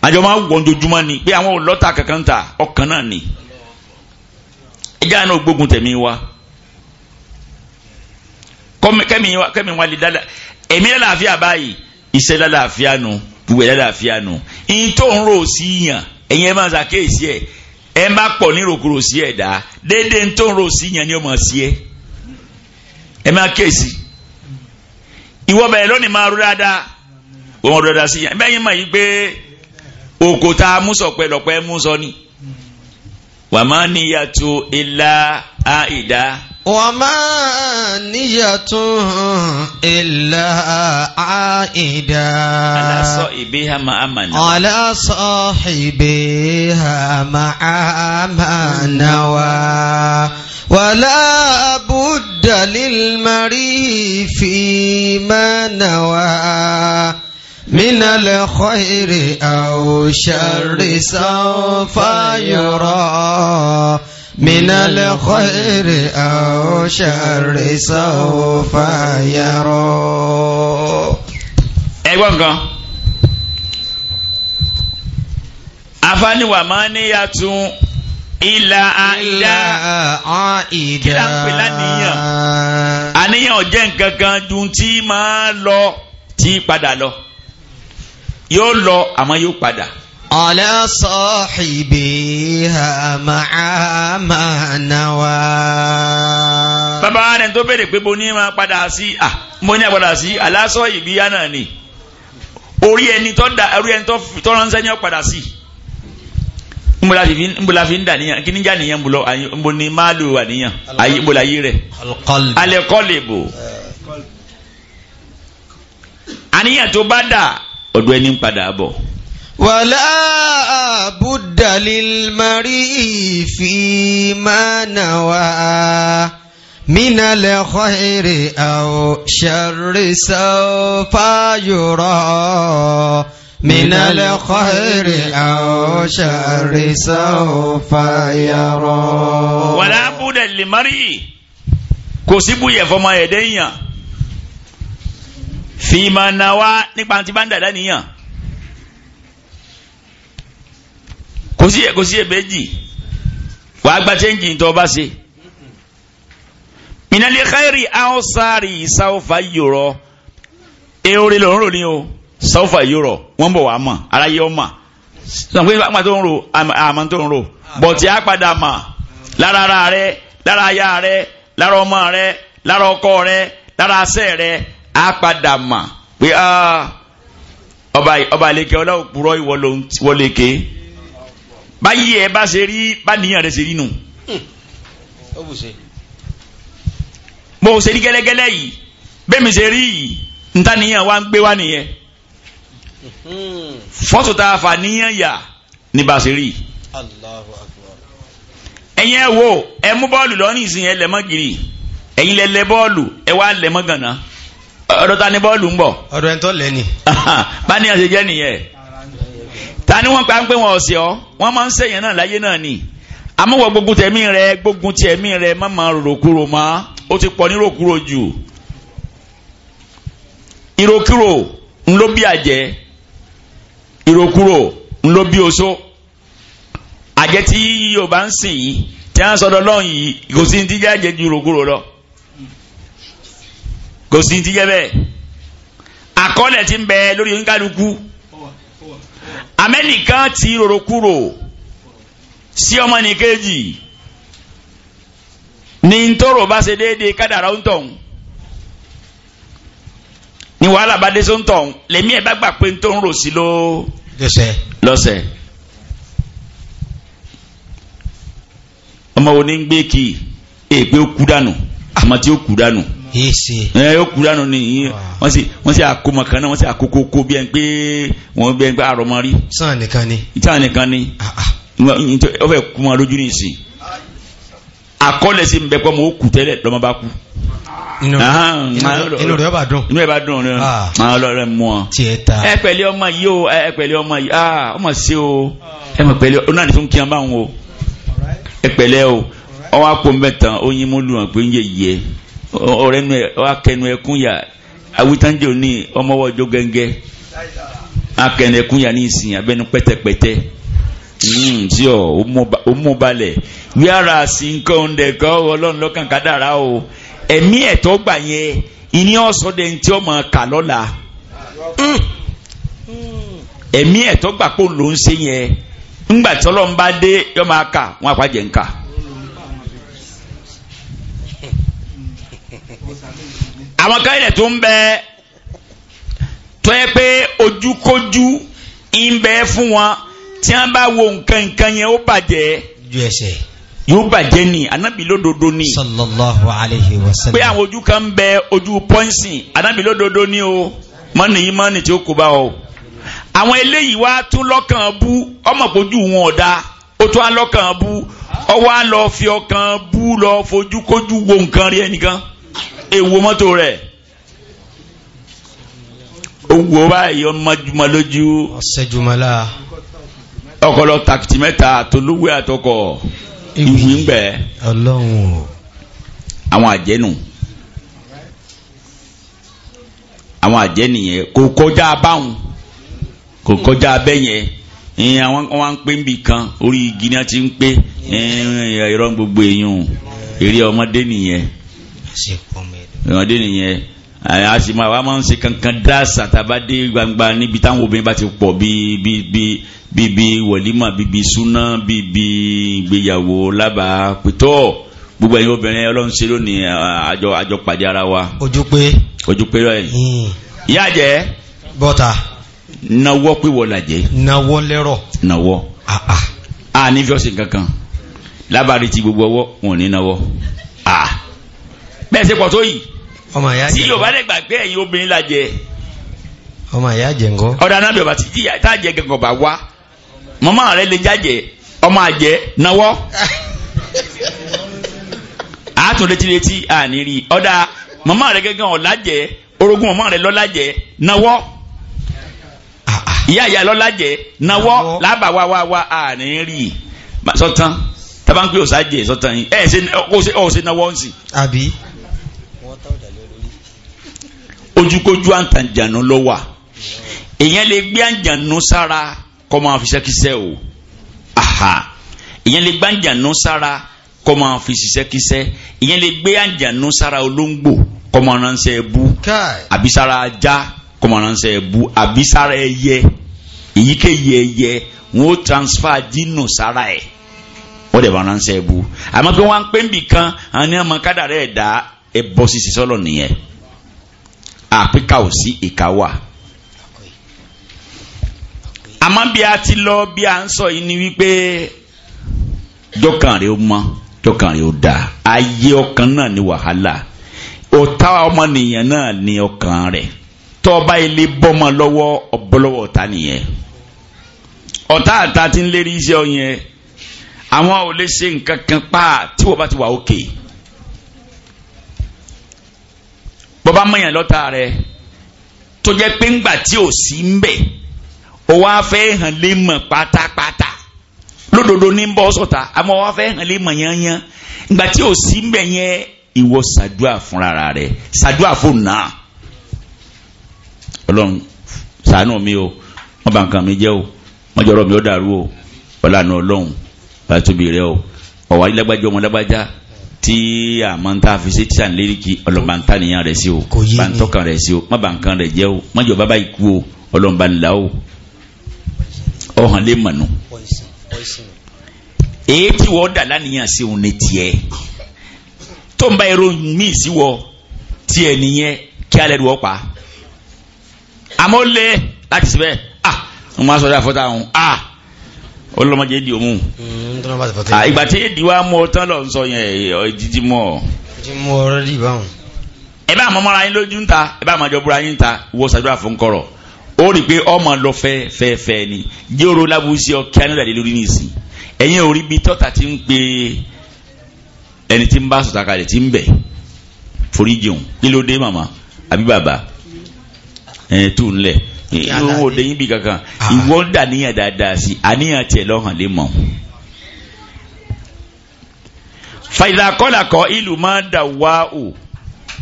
àjọ máa wọ̀ ojoojúmọ́ ni pé àwọn ọlọ́ta kankan ta ọkàn náà ni ẹja náà gbógun tẹ̀mí wa kẹ́mi wa kẹ́mi wa lè dáadáa ẹ̀mí lálàáfíà báyìí iṣẹ́ lálàáfíà nù ìwẹ̀ lálàáfíà nù ìyìn tó ń rò sí yàn ẹ̀yin ẹ̀ máa ṣàkíyèsí ẹ̀ ẹ̀ máa pọ̀ ní rògbòrò sí ẹ̀ dá déédéé tó ń rò sí yàn ni ó máa sí ẹ̀ ẹ̀ máa kíyèsí ìwọ bẹ̀rẹ̀ lónìí máa rú dáadáa wọ́n rú dáadáa sí yàn bẹ́ẹ̀ yín máa yí pé oko tá a mú sọ̀pẹ́ lọ́pẹ́ mú sọ ni. wàmá níyàtò ilá àìdá. wàmá níyàtò ilá àìdá. aláṣọ ìbí ha máa mà aláṣọ ìbí ha máa mà náà wá. ولا بد للمري فيما نوى من الخير أو شر سوف يرى من الخير أو شر سوف يرى ẹgbọ́n kan afániwà máa ní yàtún ilà àìdá kí là ń pè láníyàn àníyàn jẹ́ nǹkan kan ju tí máa lọ tí padà lọ yóò lọ àmọ́ yóò padà. ala sahibiha ma'a ma nawa. bàbá rẹ̀ tó béèrè pé mo ní máa padà sí à mo ní àpadà sí ala sahibiha náà ni orí ẹni tó da orí ẹni tó ránṣẹ́ ní ọ̀padà sí nbola fi ń dà níyàn kí níjà níyàn nbo ni máa lò wà níyàn ayé nbola yé rẹ alẹ́kọ́lẹ̀ bò eh. àníyàn tó bá ọdún ẹni ń padà bọ̀. wàlá àbúdàlíl mari fi máa nà wá mínàlẹ̀ khairi aw sharri sawfa yura. من الخير أو شر سوف يرى ولا بد للمرء kò sí bùyẹ̀ fọmọ ẹ̀dẹ́yàn fìmọ̀nàwá nípa tí bá ń dàda nìyàn kò sí kò sí èbèjì wà á gba chẹ́ǹjì tó o bá ṣe ìnáli káyìrì áwòsàrì sáwòfà yòrọ eore lòún rò ní o sáwòfà yòrọ wọn bọ̀ wà á mọ̀ aráyé ọ mọ̀ sọ̀rọ̀ pé àmọ́ tó ń ro àmọ́ tó ń ro bọ̀tí á padà mọ̀ lára ara rẹ lára aya rẹ lára ọmọ rẹ lára ọkọ rẹ lára asẹ́ rẹ á padà mà pé ah, ọba ọba àlekè ọlọ́wọ́ purọ́ ìwọ ló ń wọléke báyìí ẹ bá ṣe rí bá nìyàn rẹ ṣe rí nù. mo ṣe rí gẹ́lẹ́gẹ́lẹ́ yìí bẹ́ẹ̀ mi ṣe rí yìí níta nìyàn wa ń gbé wá nìyẹn hmm. fọ́tò tá a fà níyàn yà ní bá ṣe rí. Allahu Akbar. ẹ̀yin ẹ wo ẹ mú bọ́ọ̀lù lọ́nìí sí ẹ lẹ́mọ́ gírì ẹ̀yin lẹ́lẹ́ bọ́ọ̀lù ẹ wá lẹ́mọ́ gànà. ọ̀dọ̀ ta ni bọ́ọ̀lù ń bọ̀. ọ̀dọ̀ ẹ̀ńtọ́ lẹ́ni. bá ní ọ̀sẹ̀ jẹ́ nìyẹn. ta ni wọ́n pa ń pé wọn ọ̀sẹ̀ ọ́ wọ́n máa ń sèyàn náà láyé náà ni. amúwọ̀ gbogbo tẹ̀mí rẹ gbogbo tẹ̀mí rẹ má máa ti pọ̀ ní rògbòrò jù. ìrokúrò ń ló bí àjẹ́ ìrokúrò ń ló bí oṣó àjẹ́ tí Yorùbá ń sìn yìí tí wọ́n kò sí ti jẹ́ bẹ́ẹ̀ àkọọ́lẹ̀ ti ń bẹ lórí oníkálukú amẹ́nìkan ti rorò kúrò sí ọmọnìkejì ní ntòrò bá ṣe déédéé kádàrá ń tọ̀hún ni wàhálà bá dé sóńtọ̀ lèmi ẹ̀ bá gbà pé n tó ń rò sí ló lọ́sẹ̀. ọmọ wo ni ń gbé kí èèpé ó kú dànù àmọ́ tí ó ẹ yóò kú dànù nìyí ah. wọ́n sì wọ́n sì àkómọ kan náà wọ́n sì àkókò kó bí ẹn pé wọ́n bẹ́ẹ̀ gbá àrọ̀mọ́ rí. sàn nìkan ni. sàn nìkan ni ah, ah. ó fẹ́ kú wọn lójú ní ìsìn àkọọ́lẹ̀ sí bẹ́ẹ̀ pọ́ mọ́ ó kù tẹ́lẹ̀ lọ́mọ bá kú. inú rẹ̀ bá dùn. inú rẹ̀ bá dùn rẹ̀ máa lọ rẹ̀ mú ọ. tiẹ̀ ta. ẹ pẹ̀lẹ́ ọmọ yìí o ẹ pẹ̀lẹ́ ọmọ yìí ọmọ sí o ẹ mọ̀ pẹ̀lẹ́ ọ náà ní fún kí wọn bá wọn o ẹ pẹ̀lẹ́ o ọwọ́ àpò mẹ́tàn ó yín mú lù hàn pé ń yẹ yìí ọ̀rẹ́ nu a akẹnu ẹkún yà awitanjo ni ọmọwọjọ gẹngẹ akẹnu ẹkún yà ní ìsìn abẹ́nu pẹ́tẹ́pẹ́tẹ́ tí hmm, ọ ó mú wíwára sí nǹkan ọlọ́run lọ́kàn kádàrá o ẹ̀mí ẹ̀tọ́ gbà yẹn ìní ọ̀sọ́dẹ̀ ntí ọmọ kà lọ́la hmm. ẹ̀mí ẹ̀tọ́ gbà pé ló ń ṣe yẹn ńgbà tí ọlọ́run bá dé yọ máa kà wọn àwọn kan ilẹ̀ tó ń bẹ tó yẹ pé ojúkójú ń bẹ fún wọn tí wọn bá wo nǹkan nǹkan yẹn ó bàjẹ́ ju ẹsẹ̀ yóò bàjẹ́ ni anabi ni sallallahu alayhi wa sallam pé àwọn ojú kan ń bẹ ojú pọ́ǹsì anabi ni o mọ́nì yìí mọ́nì tí ó kó bá o àwọn eléyìí wá tún lọ́kàn bú ọmọ kojú wọn ọ̀dà ó tún á lọ́kàn bú ọwọ́ á lọ fi ọkàn bú lọ fojúkójú wo nǹkan rí ẹnìkan èwo mọ́tò rẹ̀ owó báyìí ọmọjúmọ lójú ọ̀sẹ̀jùmọ́lá ọkọlọ tàkìtì mẹ́ta àtolówó àtọkọ ìwé ń bẹ ọlọ́run àwọn àjẹnù àwọn àjẹ́ nìyẹn kò kọjá báwọn kò kọjá abẹ́ yẹn ẹ̀yìn àwọn wọn ń pè ń bì kan orí igi náà ti ń pè gbogbo èèyàn eré ọmọdé nìyẹn ìwọ̀n dé nìyẹn a sì máa wá máa ń ṣe kankan dáàsà tàbá dé gbangba níbi táwọn obìnrin bá ti pọ̀ bíi bíi bíi bíbi wọ̀límà bíbi súná bíbi ìgbéyàwó lábàá pẹ̀tọ́ gbogbo ẹ̀yin obìnrin ọlọ́run ṣe lónìí àjọ àjọ pàdé ara wa. ojú pé ojú pé rẹ. Hmm. ìyá jẹ́. bọ́tà. nawọ́ pé wọ́n la jẹ́. nawọ́ lẹ́rọ̀. nawọ́. Ah, ah. a ní fi ọ̀sìn kankan lábàárí ti gbogbo ọwọ́ wọn ò ní nawọ́. a ah bẹ́ẹ̀ ṣe pọ̀ tó yìí tí yorùbá dẹ̀ gbàgbé ẹ̀yin obìnrin la jẹ. ọmọ ìyá jẹ ńkọ́. ọ̀dà náà bẹ̀rẹ̀ bá ti jíyà tá a jẹ gẹ̀gàn bá wá mọ́mọ́ rẹ lè jájẹ ọmọ àjẹ náwọ́. àtún retí retí àní rí ọ̀dà mọ́mọ́ rẹ gẹ́gàn ọ̀la jẹ orogún mọ́mọ́ rẹ lọ́la jẹ náwọ́ ah, ah. ìyá ìyá lọ́la jẹ náwọ́ lábà wá wá wá àní rí tabanpe ọ̀sá jẹ yìí ẹ̀ ṣe ọ̀ṣẹ̀ náwọ́ ń ojúkojú àǹtàǹjànú ló wà èèyàn lè gbé àǹjànú sára kọ́ máa fi ṣẹ́kíṣẹ́ o aha èèyàn lè gbé àǹjànú sára kọ́ máa fi ṣiṣẹ́kíṣẹ́ èèyàn lè gbé àǹjànú sára olóńgbò kọ́ máa ránṣẹ́ ẹbú àbí sára ajá kọ́ máa ránṣẹ́ ẹbú àbí sára ẹyẹ èyíkéyìí ẹyẹ wọn ó transfer dínú sára ẹ̀ wọ́n dẹ̀ bá ránṣẹ́ ẹbú àmọ́ pé wọ́n á ń pè ń bì kan àwọn kádàrá ẹ̀dá ẹbọ sísè sọ́lọ̀ nìyẹn àpíkà ò sí ìka wà. àmọ́ bí a ti lọ bí a ń sọ yìí ni wípé jọkàn rẹ ó mọ jọkàn ó dá ayé ọkàn náà ni wàhálà ọ̀tá ọmọnìyàn náà ni ọkàn rẹ̀ tọ́ba ilé bọ́mọ lọ́wọ́ ọ̀bọ́lọ́wọ́ ọ̀tá nìyẹn ọ̀tá àta ń lérí iṣẹ́ ọ àwọn ò lè ṣe nǹkan kan pa tí wọ́n bá ti wà òkè. Okay ọba mọ̀yàn lọ́ta rẹ̀ tó jẹ́ pé ńgbà tí ò sí ń bẹ̀ ó wá fẹ́ hàn lé mọ̀ pátápátá lódodo ní bọ́ sọ̀tà àmọ́ wá fẹ́ hàn lé mọ̀ yányán ńgbà tí ò sí ń bẹ̀ yẹn ìwọ ṣàdúà fúnra rẹ̀ ṣàdúà fún náà ọlọ́run ṣàánú mi o wọ́n bá nǹkan mi jẹ́ o wọ́n jọ̀rọ̀ mi ó dàrú o ọlànà ọlọ́run bá tóbi rẹ o ọ̀wá lágbájá ọmọ lágbájá tí àmọ́ ń ta fi ṣe tíṣà lérìkì ọlọ́mọba ń ta nìyàn rẹ̀ sí o bá ń tọ́kàn rẹ̀ sí o má bà ń kan rẹ̀ jẹ́ o má jọ bábá ikú o ọlọ́mọba ń la o ọ̀hàn lè mọ̀nù. èyí tí wọ́n dà lánìyàn sí òun ní tiẹ̀ tó ń bá irun míì sí wọ tiẹ̀ nìyẹn kí alẹ́ wọ́ pa àmọ́ lé láti síbẹ̀ ah wọ́n máa sọ dáa fọ́tà ọ̀hún ah olùlọ́mọdé èdè òmù. ìgbà tí èdè wa mú ọ tán lọ sọ yẹn ìdíjí eh, mú ọ. ti mú ọ rẹ dì báwọn. ẹ bá àmọ́ mọ́ra yín lójú ń ta ẹ bá àmọ́ àjọ búra yín ń ta wo ṣàdúrà fún kọ̀rọ̀ ó rí i pé ọmọ lọ fẹ́ fẹ́ fẹ́ ni jóró lábúsí ọ kí anílẹ̀ lórí ní ìsìn ẹ̀yìn orí bíi tọ́ta ti ń pe ẹni tí ń bá sọ̀tà kalẹ̀ ti ń bẹ̀ forí jẹun kí màmá àbí bàbá ẹ̀ tù ń lẹ̀ ìwọ ò dẹ́yìn bí kankan ah. ìwọ ń dà níyàn dáadáa sí àníyàn tiẹ̀ lọ́hàn lè mọ̀. fàyìlà kọ́là kọ́ ìlú máa ń dà wá o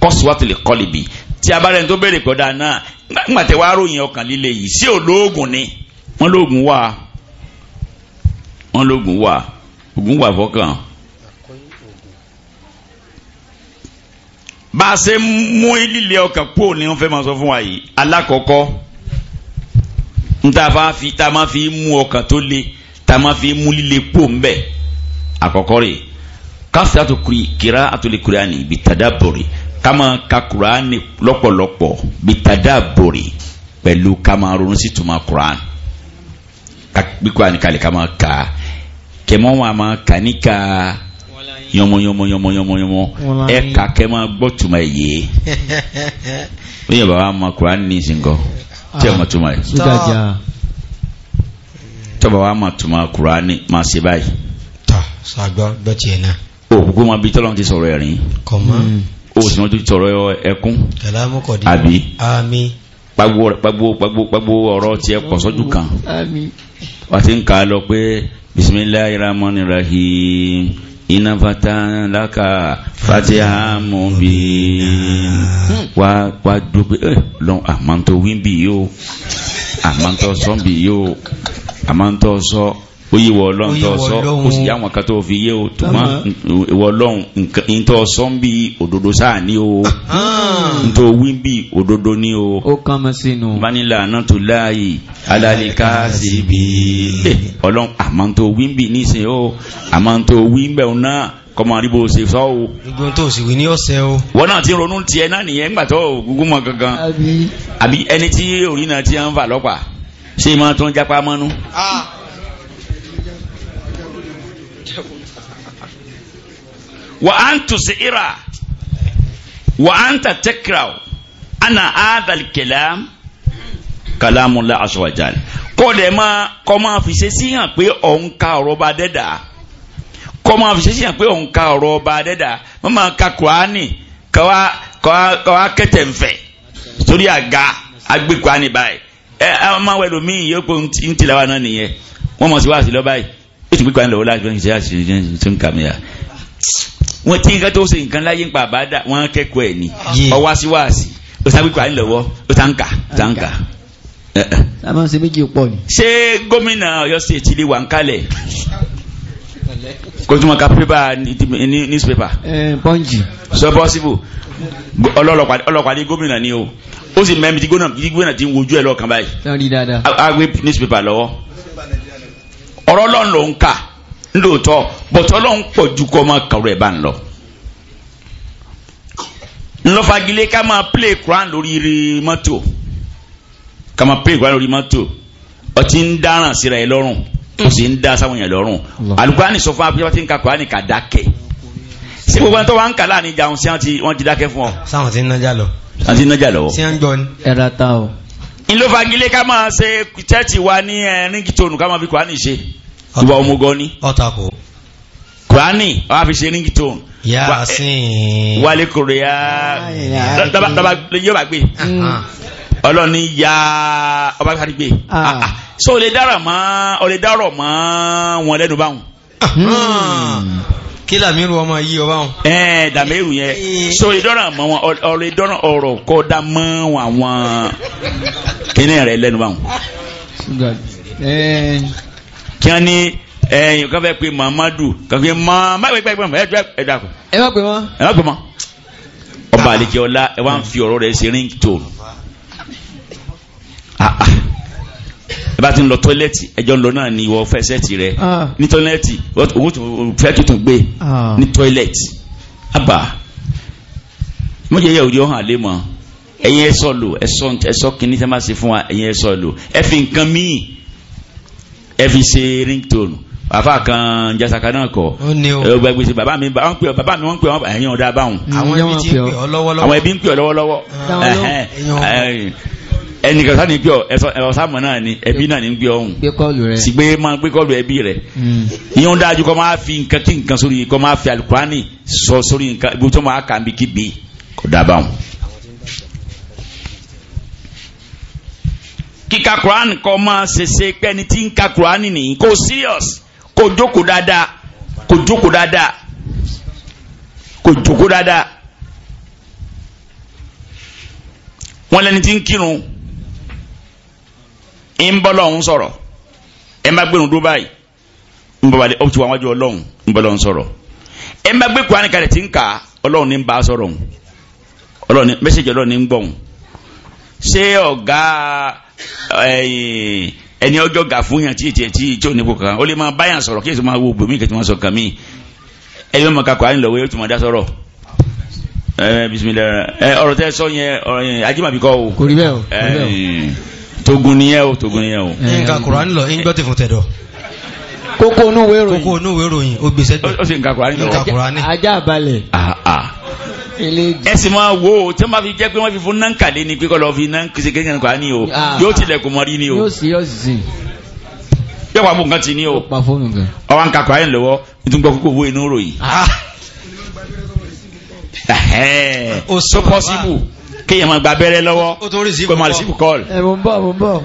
kọ́sùwàtò lè kọ́lì bí tí a bá rẹ̀ tó bẹ̀rẹ̀ kọ́dà náà nígbà tẹ wá ròyìn ọkàn líle yìí sí olóògùn ni wọ́n lóògùn wà wọ́n lóògùn wà ògùn wà fọ́kàn. bá a ṣe mú líle ọkàn kúrò ni wọ́n fẹ́ máa sọ fún wa yìí alákọ̀ọ́kọ́ ntàfà fi tá a máa fi mú ọkàn tó le tá a máa fi mú líle pò ń bẹ̀ àkọ́kọ́ rẹ̀ káfíà tó kiri kíra àtòlè Kùránì bi tadabburi ká máa ka Kùránì lọ́pọ̀lọpọ̀ bi tadabburi pẹ̀lú ká máa ronú sí tuma Kùránì bí Kùránì kalẹ̀ ká máa ka kẹmọ́ wa máa kà ní ka yọmọ yọmọ yọmọ yọmọ yọmọ ẹ kà kẹ máa gbọ́ tuma yìí bí yẹn bàbá máa Kùránì ní ìsìnkọ́ tí ẹ mọ̀ túmọ̀ ẹ̀. tọ́ba wa mọ̀ túmọ̀ kùránì máa ṣe báyìí. tọ́ sàgbọ́ dọ́tí ẹ̀ náà. òkùnkù máa bí tọ́lọ́run ti sọ̀rọ̀ ẹ̀rín. kọ̀mọ́. Hmm. o sì máa ti sọ̀rọ̀ ẹkún. kàlámù kọ̀dí. àbí. àmín. pagbo pagbo pagbo ọ̀rọ̀ tiẹ̀ pọ̀ kan. àmín. wà ti ń kà á lọ pé bismillahirrahmanirrahim. إن فتان لك فتحا مبين وادوب لون أمانتو وين بيو أمانتو صن بيو أمانتو صن Oyi yí wọ ọlọ́run tó sọ ó sì yá wọn kan tó fi yé o tùmọ̀ ìwọ ọlọ́run nǹkan tó sọ ń bí òdodo sáà ní o ah. nítorí wí bí òdodo ní o. ó kàn mọ́ sínú. vanilla náà tó láàyè alálẹ́ká sí bí ọlọ́run àmọ́ tó wí bí nísìnyí o àmọ́ tó wí bẹ́ẹ̀ náà kọmọ àríbò ṣe sọ o. gbogbo tó sì wí ní ọ̀sẹ̀ o. wọ́n náà ti ronú tiẹ̀ náà nìyẹn ńgbà tó gúgún mọ́ gangan. àbí ẹni tí orí náà ti ń fà lọ́pàá ṣé máa tún jápá mọ́nú. Ah. wa an tusira wa an ta tekra ana adal kalam kalamu la aswajal kó dẹ̀ ma kó ma fi ṣe sí hàn pé òun ka ọ̀rọ̀ ba dẹ́dà kó ma fi ṣe sí hàn pé òun ka ọ̀rọ̀ ba dẹ́dà má ma ka kurani kọ́wa kọ́wa kọ́wa kẹtẹ̀ nfẹ̀ sórí àga agbé kurani báyìí ẹ ẹ ma wẹ̀ lómi yìí ó kó ntìlá ya wọn tí nǹkan tó ṣe nǹkan láyé ń pa àbádà wọn kẹ́kọ̀ọ́ ẹ̀ ni ọwọ́ síwáàsì ó sá gbígbà ńlọ́wọ́ ó sá ń kà ó ń kà. àmọ́ ṣe méjì pọ̀ ni. ṣé gómìnà Ọ̀yọ́ ṣe ti wà ń kalẹ̀ kó tún mọ ka pépà ní newspaper. pọ́ǹjì. sọ pọ́sibù ọlọ́pàá ní gómìnà ni o ó sì mẹ́mi tí gómìnà ti ń wojú ẹ̀ lọ́ọ̀kan báyìí. newspaper lọ́wọ́ ọ̀rọ̀ ọlọ́run lóòótọ́ bọ̀tọ́ lọ́n pọ̀ ju kọ́ máa kàwé ẹ̀ bá ń lọ. ńlọfagilé ká máa play Quran lórí mọ́tò ká máa play Quran lórí mọ́tò ọtí ń dáràn síra ẹ lọ́rùn ó sì ń dá sáwọn yẹn lọ́rùn alukurani sọ fún abiyá tí ń ka kurani ká dákẹ́ sí gbogbo ẹni tó wà ń kà láàrin ìjà sí wọn ti dákẹ́ fún ọ. sáwọn ti ń nájà lọ. sáwọn ti ń nájà lọ. sí ń gbọ́ ni. ẹ̀rọ ta o. ńlọfagilé ká máa ṣe chẹ́ẹ̀tì wa ní ẹ̀rín ká máa fi kurani ṣe tuba omugo ni. ọtakò. kurani wàá fi ṣe ringi tó. yaasin. wálé korea daba yóò bá gbé. ọlọ́ni ya ọba kárí gbé. Ah. Ah, ah. so o lè dára mọ́ o lè dárọ̀ mọ́ wọn lẹ́nu báwọn. Hmm. kí lamiru ọmọ yìí ọba wọn. ẹ dàmẹ́rù yẹn eh. so o lè dọ́rọ̀ ọ̀rọ̀ kọ́ da mọ́ àwọn kíní rẹ̀ lẹ́nu báwọn tí wọ́n ní ẹ̀yìn kan fẹ́ pe Muhammadu kan fẹ́ Muhammadu ẹgbẹ́ ẹgbẹ́ ẹgbẹ́ ẹgbẹ́ dàkú. ẹ má pè mọ́. ẹ má pè mọ́. ọba àlejò ọlá ẹ wá ń fi ọ̀rọ̀ rẹ̀ ṣe ring tone. Ah, ah. ẹ bá ti ń lọ tọ́lẹ́tì ẹjọ́ ń lọ náà ni ìwọ fẹ́ sẹ́ẹ̀tì rẹ ah. ní tọ́lẹ́tì owó tó fẹ́ tó tún gbé ní tọ́lẹ́tì àbá mọ̀jẹ̀ yẹ òdi ọ̀hún àlẹ́ mọ́ ẹ̀yin ẹ̀ sọ̀ lò ẹ̀ sọ̀ kìíní tẹ́ máa ṣe fún wa ẹ̀yin ẹ̀ sọ̀ lò ẹ̀ fi nǹkan míì ẹ fi ṣe ringtone àfa kan jasaka náà kọ ẹ gba gbèsè bàbá mi wọn pè ọ bàbá mi wọn pè ọ ẹyin ọdá báwọn. àwọn ẹbí ti ń pè ọ lọ́wọ́lọ́wọ́. àwọn ẹbí ń pè ọ lọ́wọ́lọ́wọ́ ẹnìkan sáà ní gbé ọ ẹ̀sàmọ̀ náà ni ẹbí náà ní gbé ọ̀hún sígbé máa gbé kọlu ẹbí rẹ̀ hmm. yíyan dájú kọ́ máa fi nǹkan kí nǹkan sórí kọ́ máa fi alukurani sọ sórí nǹkan ibi tó máa kà ń bí kíbi kò dábàá wọn. kíka Quran kọ́ máa ṣèṣe pé ẹni tí ń ka Quran nìyí kò serious kò jókòó dáadáa kò jókòó dáadáa kò jókòó dáadáa wọn lẹni tí ń kírun ń bọ́ lọ́hún sọ̀rọ̀ ẹ má gbẹ̀rún dúró báyìí ń bọ́ balẹ̀ ó ti wà wájú ọlọ́hún ń bọ́ lọ́hún sọ̀rọ̀ ẹ má gbé Quran kalẹ̀ tí ń kà ọlọ́hún ní ń bá sọ̀rọ̀ ọlọ́hún mẹ́sẹ̀jì ọlọ́hún ní ń gbọ̀hún ṣé ọ̀gá ẹni ọjọ́ ga fún yàn tí tí tí tí ò ní kó kan ó lè máa báyàn sọ̀rọ̀ kí èso máa wo bòmí kí sọ kàn mí ẹni àyìn lọ́wọ́ yóò tún máa dá sọ̀rọ̀ ẹ bisimilayi ẹ tẹ sọ ajimabi kọ o. kò rí bẹ́ẹ̀ o kò rí bẹ́ẹ̀ o. togun lọ gbọ́ fún ròyìn ròyìn gbèsè ẹ máa wo tí wọ́n bá fi jẹ́ pé wọ́n fi fún náǹkà lé ní pípọ́ lọ fi náà kìsì kékeré kan ní o ah. yóò tilẹ̀ kò mọ rí ni o. yóò sì yóò sì sìn. yóò wá mú nǹkan ti ní o. ọwọ́ nǹkan kọ́ ayé lọ́wọ́ nítorí gbọ́ kókó owó inú ròyìn. Ah. o so possible kéèyàn máa gba abẹ́rẹ́ lọ́wọ́ kò máa receive call. ẹ̀ mo ń bọ̀ mo ń bọ̀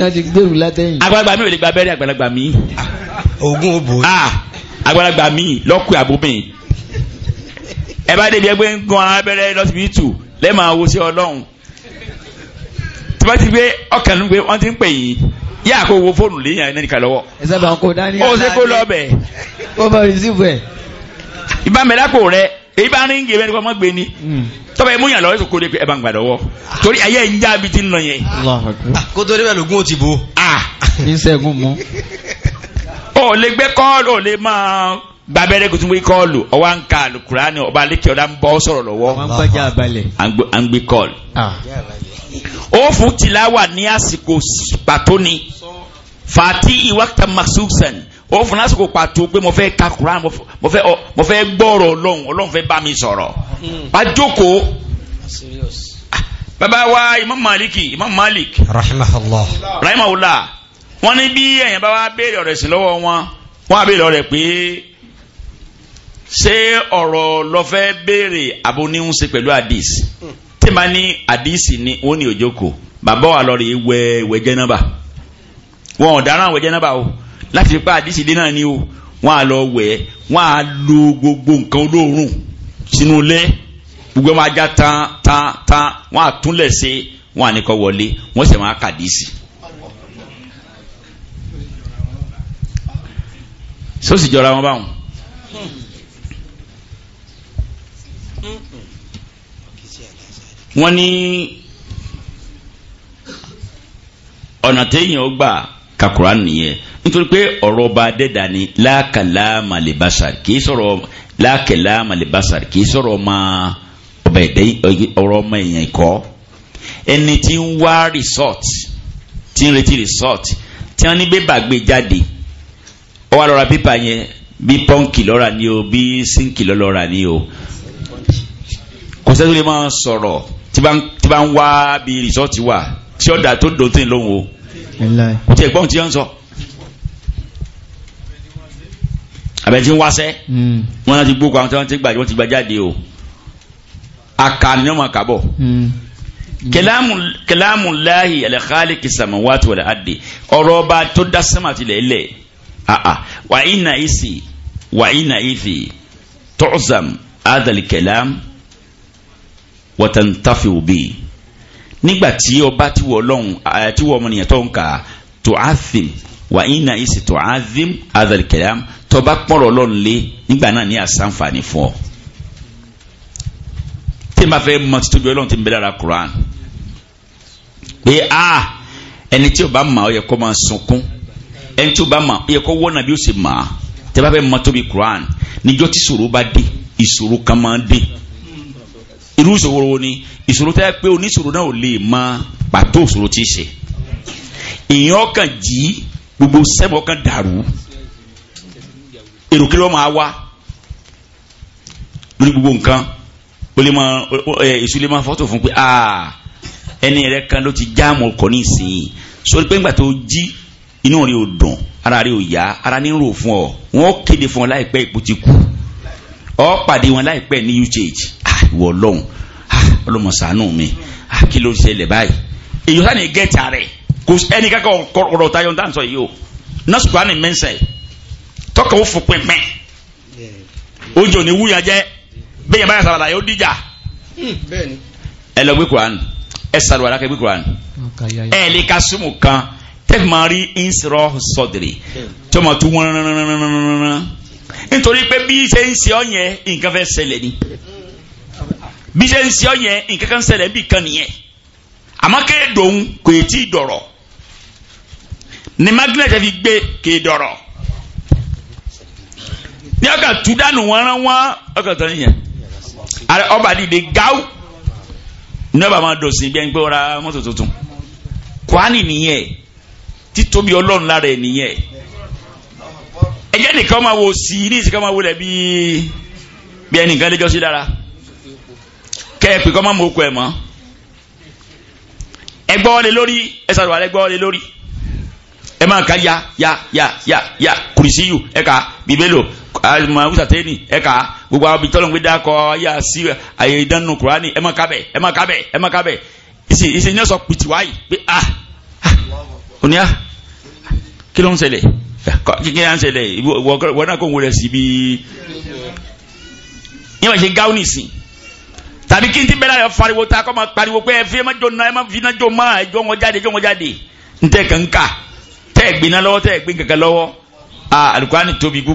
láti ah, gbèrú látẹ̀yìn. àgbàlagbà mi ò lè gba abẹ́rẹ́ àgbàlagbà mi. oògùn òbò. àgbàlagbà mi lọ́kùn àbúmi ẹ bá débi ẹgbẹ́ ń gan abẹ́rẹ́ lọ́sibítù lẹ́ẹ̀ma wo sí ọlọ́run tí wọ́n ti gbé ọkàn ló gbé wọ́n ti ń pè yín yá kó wo fóònù léyìn ẹni nìkan lọ́wọ́. ẹ sábà ń kó dání. ó ṣe kó lọ bẹ̀. ó bá rìsíìfù ẹ̀. ìbá mẹ́lápò rẹ èyí bá rí ń gé bẹ́ẹ̀ ni kò mọ́ gbé ni hmm. tọ́ba ẹ̀ mú yàn lọ́wọ́ kó dé ẹ bá ń gbàdọ̀ wọ́ torí ayé ń já bi ti ń lọ yẹn. Ah, kó tó débẹ̀ lògùn ò ti bò. ní ah. lè gbé kọ́ọ̀lù o lè máa babẹ́rẹ́ kò tún gbé kọ́ọ̀lù ọwọ́ à ń ka alukurani ọba aleke ọ̀dà ń bọ́ sọ̀rọ̀ lọ́wọ́ à ń gbé kọ́ọ̀lù. ó fún tìláwà ní àsìkò pàtó ni fati iwakita maxusan ó fún lásìkò pàtó pé mo fẹ́ ka kuran mo fẹ́ mo fẹ́ gbọ́rọ̀ ọlọ́run ọlọ́run fẹ́ bá mi sọ̀rọ̀ pàjókò bàbá wa imam Malik. imam malik rahimahullah rahimahullah wọn ní bí ẹ̀yàn bá wa béèrè ọ̀rọ̀ ẹ̀sìn lọ́wọ́ wọn wọn á béèrè ọ̀rọ̀ pé ṣé ọ̀rọ̀ lọ́fẹ́ béèrè àbò ní ń ṣe pẹ̀lú àdìsí tí ma ní àdìsí ni ó ní òjòkó bàbá wa lọ́ọ̀rì wẹ ìwẹ̀ jẹ́nàbà wọn ò dáná ìwẹ̀ jẹ́nàbà o láti fi pa àdìsí dé náà ni o wọn à lọ wẹ̀ wọn à lo gbogbo nǹkan olóòórùn sínú ilé gbogbo wọn ajá tán tán tán wọn à túnlẹ̀ ṣe wọn à ní kọ́ wọlé wọn sì máa kàdìsí. sọ́sì jọra wọn báwọn. wọ́n ní ọ̀nà téèyàn ó gbà ka nìyẹn nítorí pé ọ̀rọ̀ ọba adẹ́dà ni láàkàlà màlẹ́bàṣà kìí sọ̀rọ̀ láàkàlà màlẹ́bàṣà kìí sọ̀rọ̀ ọmọ ọba ẹ̀dẹ́ ọ̀rọ̀ ọmọ èèyàn kọ́ ẹni tí ń wá resort tí ń retí resort tí wọ́n ní bébà gbé jáde ọwọ́ àlọ́ra pépà yẹn bí pọ́ǹkì lọ́ra ni o bí sínkì lọ́ra ni o kọsẹ́ tó lè máa sọ̀rọ̀ tí bá ń wá bí rìsọ́ọ̀tì wà tí ọ̀dà tó dòtí lóhùn o kò tí ẹ̀ gbọ́n tí wọ́n sọ. àbẹ̀tí ń wáṣẹ́ hmm. wọn láti gbókò àwọn tí wọ́n ti gbàjẹ́ wọ́n ti gbàjáde o àkà ni wọ́n máa kà bọ̀. Hmm. kẹlámù láàyè àlẹ́kálì kìsàmù wà tó rẹ̀ àdè ọ̀rọ̀ ọba tó dá sẹ́mà tilẹ̀ ilẹ̀ wà ìnà ìsì wà ìnà ìfì tọ́sàm wọ́tẹ̀ntàfẹ́ òbí nígbà tí ọba tí wọ́n lọ́hùn àti wọ́n ọmọnìyàn tó ń kà tó àfin wà ìnà ìsì tó àfin àdàlùkẹ́yàm tó bá pọ̀rọ̀ lọ́hùn lé nígbà náà ní àsánfàní fún ọ. tí fẹ́ mọ títóbi ọlọ́run ti ń bẹ lára Quran pé a ẹni tí o bá mọ̀ ọ yẹ kó máa sunkún ẹni tí o bá mọ̀ ọ yẹ kó wọ́nà bí o sì mọ̀ tẹ́ fẹ́ mọ tóbi Quran níjọ́ tí ìṣòro bá dé ìṣòro kan máa dé irú ìṣòro wo ni ìṣòro tẹ́ pé oníṣòro náà ò lè mọ pàtó ìṣòro tí ń ṣe èèyàn kan jí gbogbo sẹ́mọ̀ kan dàrú èrò kí ló máa wá lórí gbogbo nǹkan ó lè máa èṣù lè máa fọ́tò fún pé ẹni rẹ kan ló ti jáàmù ọkọ̀ ní ìsìn pé ńgbà tó jí inú rẹ ò dùn ara rẹ ò yá ara ní rò fún ọ wọn kéde fún ọ láìpẹ́ ipò ti ọ pàdé wọn láìpẹ́ ní uchage wọ lọ́hùn ọlọ́mọ ah, sànú mi ah, kí ló ṣẹlẹ̀ báyìí èyí sani gẹ́ta rẹ̀ kò ẹni kankan ọ̀rọ̀ tayọ̀ ń tà ń sọ yìí o nọ́ọ̀sì kò á ní mẹ́sẹ̀ tọkọ̀ ó fò pínpín ojú òní wúyà jẹ́ bẹ́ẹ̀ yẹn báyà sàràlà yóò díjà ẹ lọ gbé kuran ẹ sàrò àlàkẹ́ gbé kuran ẹ lè ka súnmù kan tẹ́fì máa rí ìṣòro sọ̀dìrì tí wọ́n tún wọ́n nítorí pé bí ṣe ń ṣe ọ́ yẹn nǹkan fẹ́ ṣẹlẹ̀ ni bí ṣe ń ṣe ọ yẹn nǹkan kan ṣẹlẹ̀ bí kan nìyẹn àmọ́ kéèdò òun kò yẹ tí ì dọ̀rọ̀ ni magnet fi gbé kéè dọ̀rọ̀ ní ọkà tú dànù wọn rán wọn ọkà tó nìyẹn ọba dìde gáù ní ọba máa dọ̀ sí bí ẹni pé ó ra mọ́tò tuntun kwani nìyẹn títóbi ọlọ́run lára ẹ̀ nìyẹn ẹ̀jẹ̀ nìkan máa wo sí ní ìsìnká máa wọlé bí ẹnìkan lẹ́jọ́ sí dára kẹ́ẹ̀pì kọ́ máa mú okùn ẹ̀ mọ́ ẹ gbọ́ lé lórí ẹ sàrò àlẹ́ gbọ́ lé lórí ẹ máa ka ya ya ya ya ya kùrìsíyù ẹ kà bìbélò àwùsàtẹ́nì ẹ kà gbogbo àwọn bitọ́lọ̀ ń gbé dákọ̀ yà sí àyè ìdánù kùránì ẹ máa kábẹ̀ ẹ máa kábẹ̀ ẹ máa kábẹ̀ ìsìn ìsìn ní ọ̀sọ̀ pìtì wáyì pé ah oníyà ah, ah, kí ló ń ṣẹlẹ̀ kí ló ń ṣẹlẹ̀ wọ́n náà kò ń wọlé síbi yín wọ́n ṣe gáwó nìsín. tàbí kí n ti bẹ̀rẹ̀ fariwo ta kọ́ ma pariwo pé ẹ fi ma jo náà ẹ ma fi na jọ ma ẹ jọ wọn jáde jọ wọn jáde n tẹ kàn ká tẹ ẹ tẹ ẹ gbin kankan aa tóbi gbé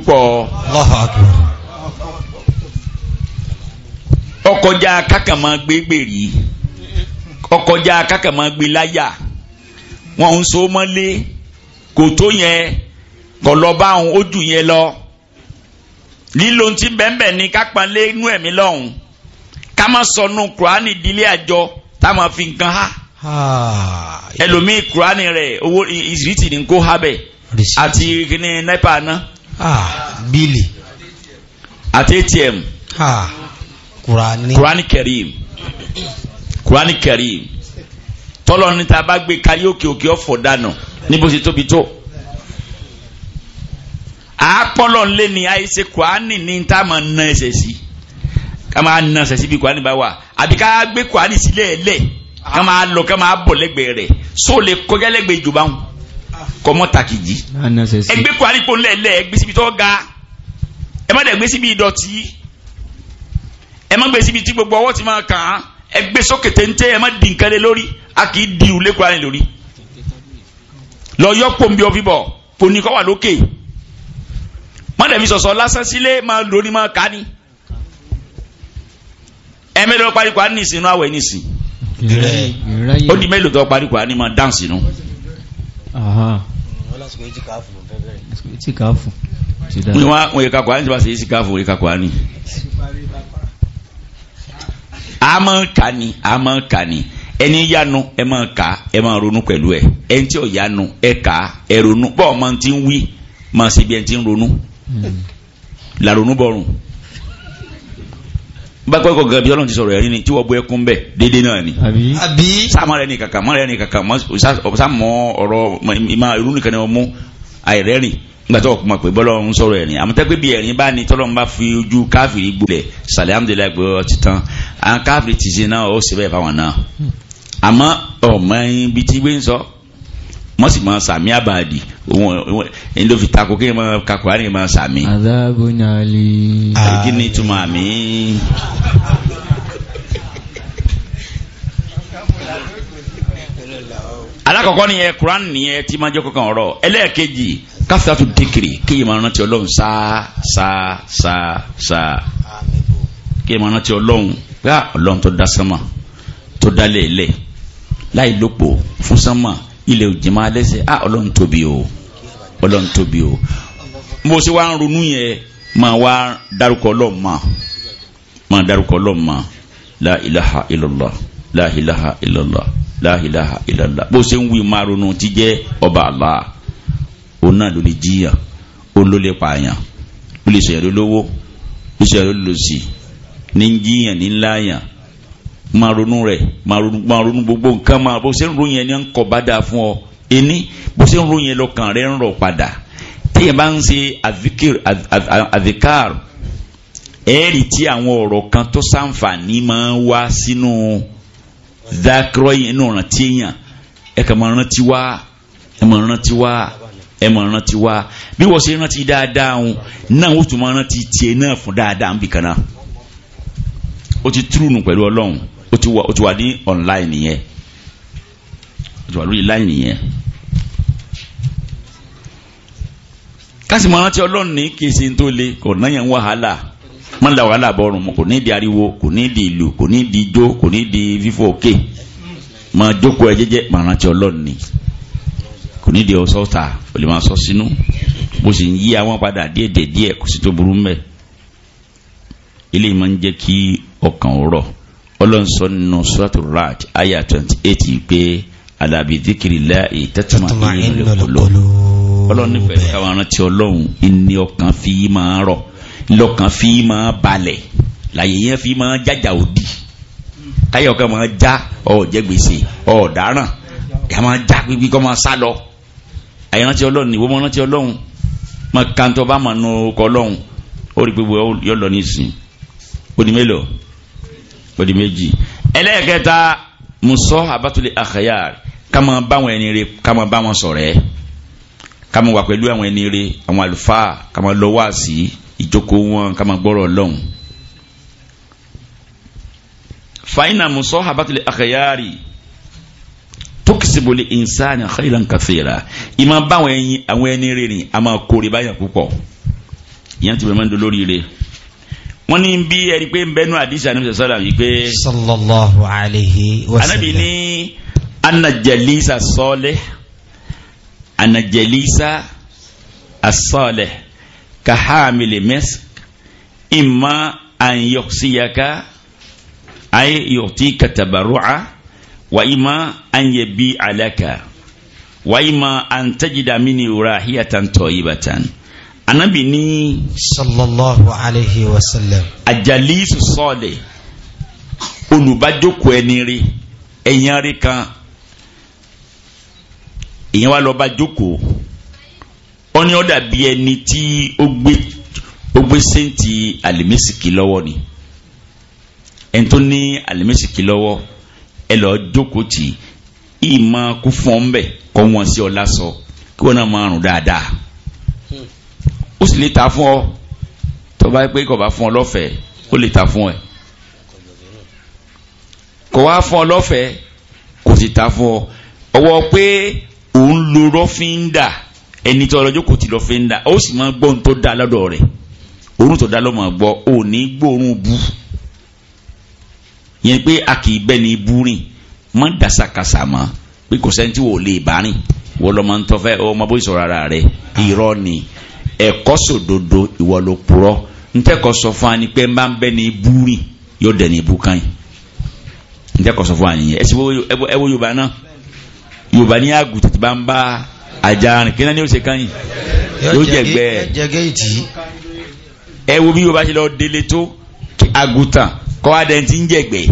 gbèrè gbé láyà wọn ń so mọ́lé kò tó yẹn kò lọ bá òun ká má nu kùránì dílé àjọ tá a máa fi nǹkan ha ah. ẹlòmíì kùránì rẹ̀ owó ìsìrìtì ní kó ha bẹ̀ àti kíní ana. náà ah, bílì àti atm ah, kùránì kẹrìm kùránì kẹrìm tọ́lọ́ ní ta bá gbé kárí òkè òkè ọ̀fọ̀ dànù níbo ṣe tóbi tó àápọ́lọ́ lé ní àìsè kùránì ní tá a máa ná ẹsẹ̀ sí. Si Kama máa nà sẹ́sí bí kùránì bá wà àbí ká gbé kùránì sílẹ̀ lẹ̀ kama ah. máa lọ ká máa bọ̀ lẹ́gbẹ̀ẹ́ rẹ̀ só lè kọjá lẹ́gbẹ̀ẹ́ ìjọba ń ah. kọmọ takìjì ẹgbẹ́ kùránì pọ̀ ńlẹ̀ ẹgbẹ́ síbi tó ga ẹ má dẹ̀ gbé síbi ìdọ̀tí ẹ má gbé síbi tí gbogbo ọwọ́ ti máa kàn án ẹ gbé sókè téńté ẹ má di nǹkan lé lórí a kì í di ìwúlé kùránì lórí lọ yọ pòǹbì ọ fíbọ̀ pòǹbì kọ́ wà lókè má dẹ̀ fi sọ̀sọ̀ lásán sílé má lórí má kání ẹ mélòó lọ parí Kùránì nìsín inú àwẹ̀ nìsín ó di mélòó tó parí Kùránì mọ dáǹsì nù. wọ́n ìka Kùránì nípa sèyí sìkáfù ìka Kùránì. àmọ́ kà ní àmọ́ kà ní ẹni yanu ẹ máa kà ẹ máa ronú pẹ̀lú ẹ ẹni tí ò yanu ẹ kà ẹ ronú bọ́ọ̀ máa ti ń wí máa ṣe bí ẹni ti ń ronú hmm. la ronú bọ̀rùn bá kọ́kọ́ gan bí ọlọ́run ti sọ̀rọ̀ ẹ̀rí ni tí wọ́n bu ẹkún bẹ̀ dédé náà ni. àbí sáàmọ́ rẹ̀ ní kàkà mọ́ rẹ̀ ní kàkà sáàmọ́ ọ̀rọ̀ ìmọ̀ irú nìkan ni wọ́n mú àìrẹ́rìn nígbà tó kọ́ mọ̀ pé bọ́lọ́run sọ̀rọ̀ ẹ̀rín àmọ́tẹ́ pé bí ẹ̀rín bá ní tọ́lọ́run bá fi ojú káfìrí gbolẹ̀ sàlẹ́hàmdùlá gbé ọ ti tán àwọn káfìrí ti wọ́n sì máa sàmì àbàdì òun ẹni ló fi takò kí ni máa kakò á ní máa sàmì. adáàbò náà ni túmọ̀ àmì. alakọkọ ni yẹ kuran ni yẹ tí ma jẹ kankan ọ̀rọ̀ ẹlẹ́ẹ̀kejì káfíńtà tún dékiri kéye sa sa sa sa. sáá sáá sáá kéye máa rántí Ọlọ́run gbá ah, Ọlọ́run tó dá sánmà tó dá lẹẹlẹ láì lópo fún sánmà ilẹ̀ òjìmá lẹ́sẹ̀ a ah, ọlọ́run tóbi o ọlọ́run tóbi o mo ṣe wá ń ronú yẹn máa wá dárúkọ ọlọ́run máa dárúkọ ọlọ́run mọ́ la ilaha illallah la ilaha illallah la ilaha illallah bó ṣe ń wí máa ronú ti jẹ́ ọba Allah òun náà ló lè jiyàn òun ló lè pààyàn ó lè sọ̀yàn lólówó ó sọ̀yàn lólòsì ní jiyàn ní ńláyàn máa ronú rẹ̀ máa ronú gbogbo nǹkan máa bó ṣe ń ro yẹn ni ń kọ̀ bá dáa fún ọ ení bó ṣe ń ro yẹn lọ́kàn rẹ̀ ń rọ̀ padà téèyàn bá ń ṣe àdìkàr ẹ̀ẹ́rì tí àwọn ọ̀rọ̀ kan tó ṣàǹfààní máa ń wá sínú dákúrọ́ yẹn náà rántí èèyàn ẹ kàn máa rántí wá ẹ máa rántí wá ẹ máa rántí wá bí wọ́n ṣe rántí dáadáa òun náà ó tún máa rántí tiẹ̀ náà fún dáadáa ń bì kan náà ó ti túrùnù pẹ̀lú ọlọ́run ó ti wa ó online yẹn ó ti wa lórí line yẹn. kásìmọ̀ arántí ọlọ́run ní kí ṣe tó le kò náyàn wàhálà má la wàhálà bọ̀rùn kò ní di ariwo kò ní di ìlú kò ní di ijó kò ní di fífò òkè ma jókòó ẹ jẹ́jẹ́ má arántí ọlọ́run ní kò ní di ọ̀sọ́ ta ò lè máa sọ sínú bó sì ń yí àwọn padà díẹ̀ díẹ̀ díẹ̀ kò sì tó burú mẹ́ eléyìí máa ń jẹ́ kí ọkàn rọ̀ ọlọ́nsọ nù sọ́tò raj aya twenty eight pé alábi dìkìrì láì tẹ́tùmá ìyẹn lọ́lọ́ ọlọ́run nífẹ̀ẹ́ káwọn arántí ọlọ́run ní ọkàn fi máa rọ̀ lọ́kàn fi máa balẹ̀ láyé yẹn fi máa jájà òdì káyọ̀ kan máa já ọ̀jẹ̀ gbèsè ọ̀daràn ẹ̀ máa já pípí kọ́ máa sá lọ àyàrántí ọlọ́run ni wọ́n máa ọlọ́run máa kàńtọ́ bá máa nu ọkọ̀ ọlọ́run ó rí gbogbo yọ lọ ní ìsìn ó ó meji, méjì ẹlẹ́ẹ̀kẹta musọ abatuli akhayar kama báwọn ẹni re kama báwọn sọ̀rọ̀ ẹ kama wà pẹ̀lú àwọn ẹni re àwọn àlùfáà kama lọ wá wọn kama gbọ́rọ̀ lọ́hùn. faina musọ abatuli akhayari tukisibuli insani khairan kathira ìmọ̀ báwọn ẹni àwọn ẹni re ni a máa kórè báyà púpọ̀ yẹn ti bẹ̀rẹ̀ máa ń re wọ́n ní bí ẹni pé ń bẹ́nu àdìsí ànábì sọ́lá yìí pé. sallallahu alayhi wa sallam. ànábì ní anajalisa sọ́ọ̀lẹ̀ anajalisa asọ́ọ̀lẹ̀ kahamili misk imma an yọ̀síyaka ay yọ̀tí katabaruca wa imma an alaka wa imma an rahiyatan tọyibatan anabi ní. sallallahu alayhi wa sallam. ajalisu sọ́ọ̀lẹ̀ olùbájókòó ẹni rí ẹ̀yàn rí kan èyàn wá lọ́ọ́ bá jókòó wọ́n ní ó dàbí ẹni tí ó gbé ó gbé sẹ́ǹtì àlèmísìkì lọ́wọ́ ni ẹni tó ní àlèmísìkì lọ́wọ́ ẹ lọ́ọ́ jókòó tì í máa kú fún bẹ̀ kọ́ wọn sí ọ lásọ kí wọ́n náà máa rùn dáadáa ó sì lè ta fún ọ tó bá pé kò bá fún ọ lọ́fẹ̀ẹ́ ó lè ta fún ẹ kò wá fún ọ lọ́fẹ̀ẹ́ kò sì ta fún ọ ọwọ́ pé òun lo rọ́fíńdà ẹni tó ọlọ́jọ́ kò ti rọ́fíńdà ó sì máa gbọ́ ohun tó dá lọ́dọ̀ rẹ̀ òórùn tó dá ló máa gbọ́ ò ní gbóòórùn bú yẹn pé a kì í bẹ́ni bú rìn má dàsàkàsà mọ́ pé kò sẹ́ni wò lè bá rìn wọ́n lọ́mọ ń tọ́fẹ́ ọmọ bó ìsọ̀rọ̀ ara rẹ̀ irọ́ ni ẹ̀kọ́ sòdodo ìwọ ló purọ́ ntẹ́kọ̀ sọ fún wa ni pé máa ń bẹ́ ní ibú yóò dẹ̀ ní ibú kan yìí sọ fún wa nìyẹn wo yorùbá náà yorùbá ní bá ń bá ajá rìn kí náà ṣe kan yìí yóò ẹ wo bí yorùbá ṣe lọ délé tó kọ́ ti ń jẹ̀gbẹ́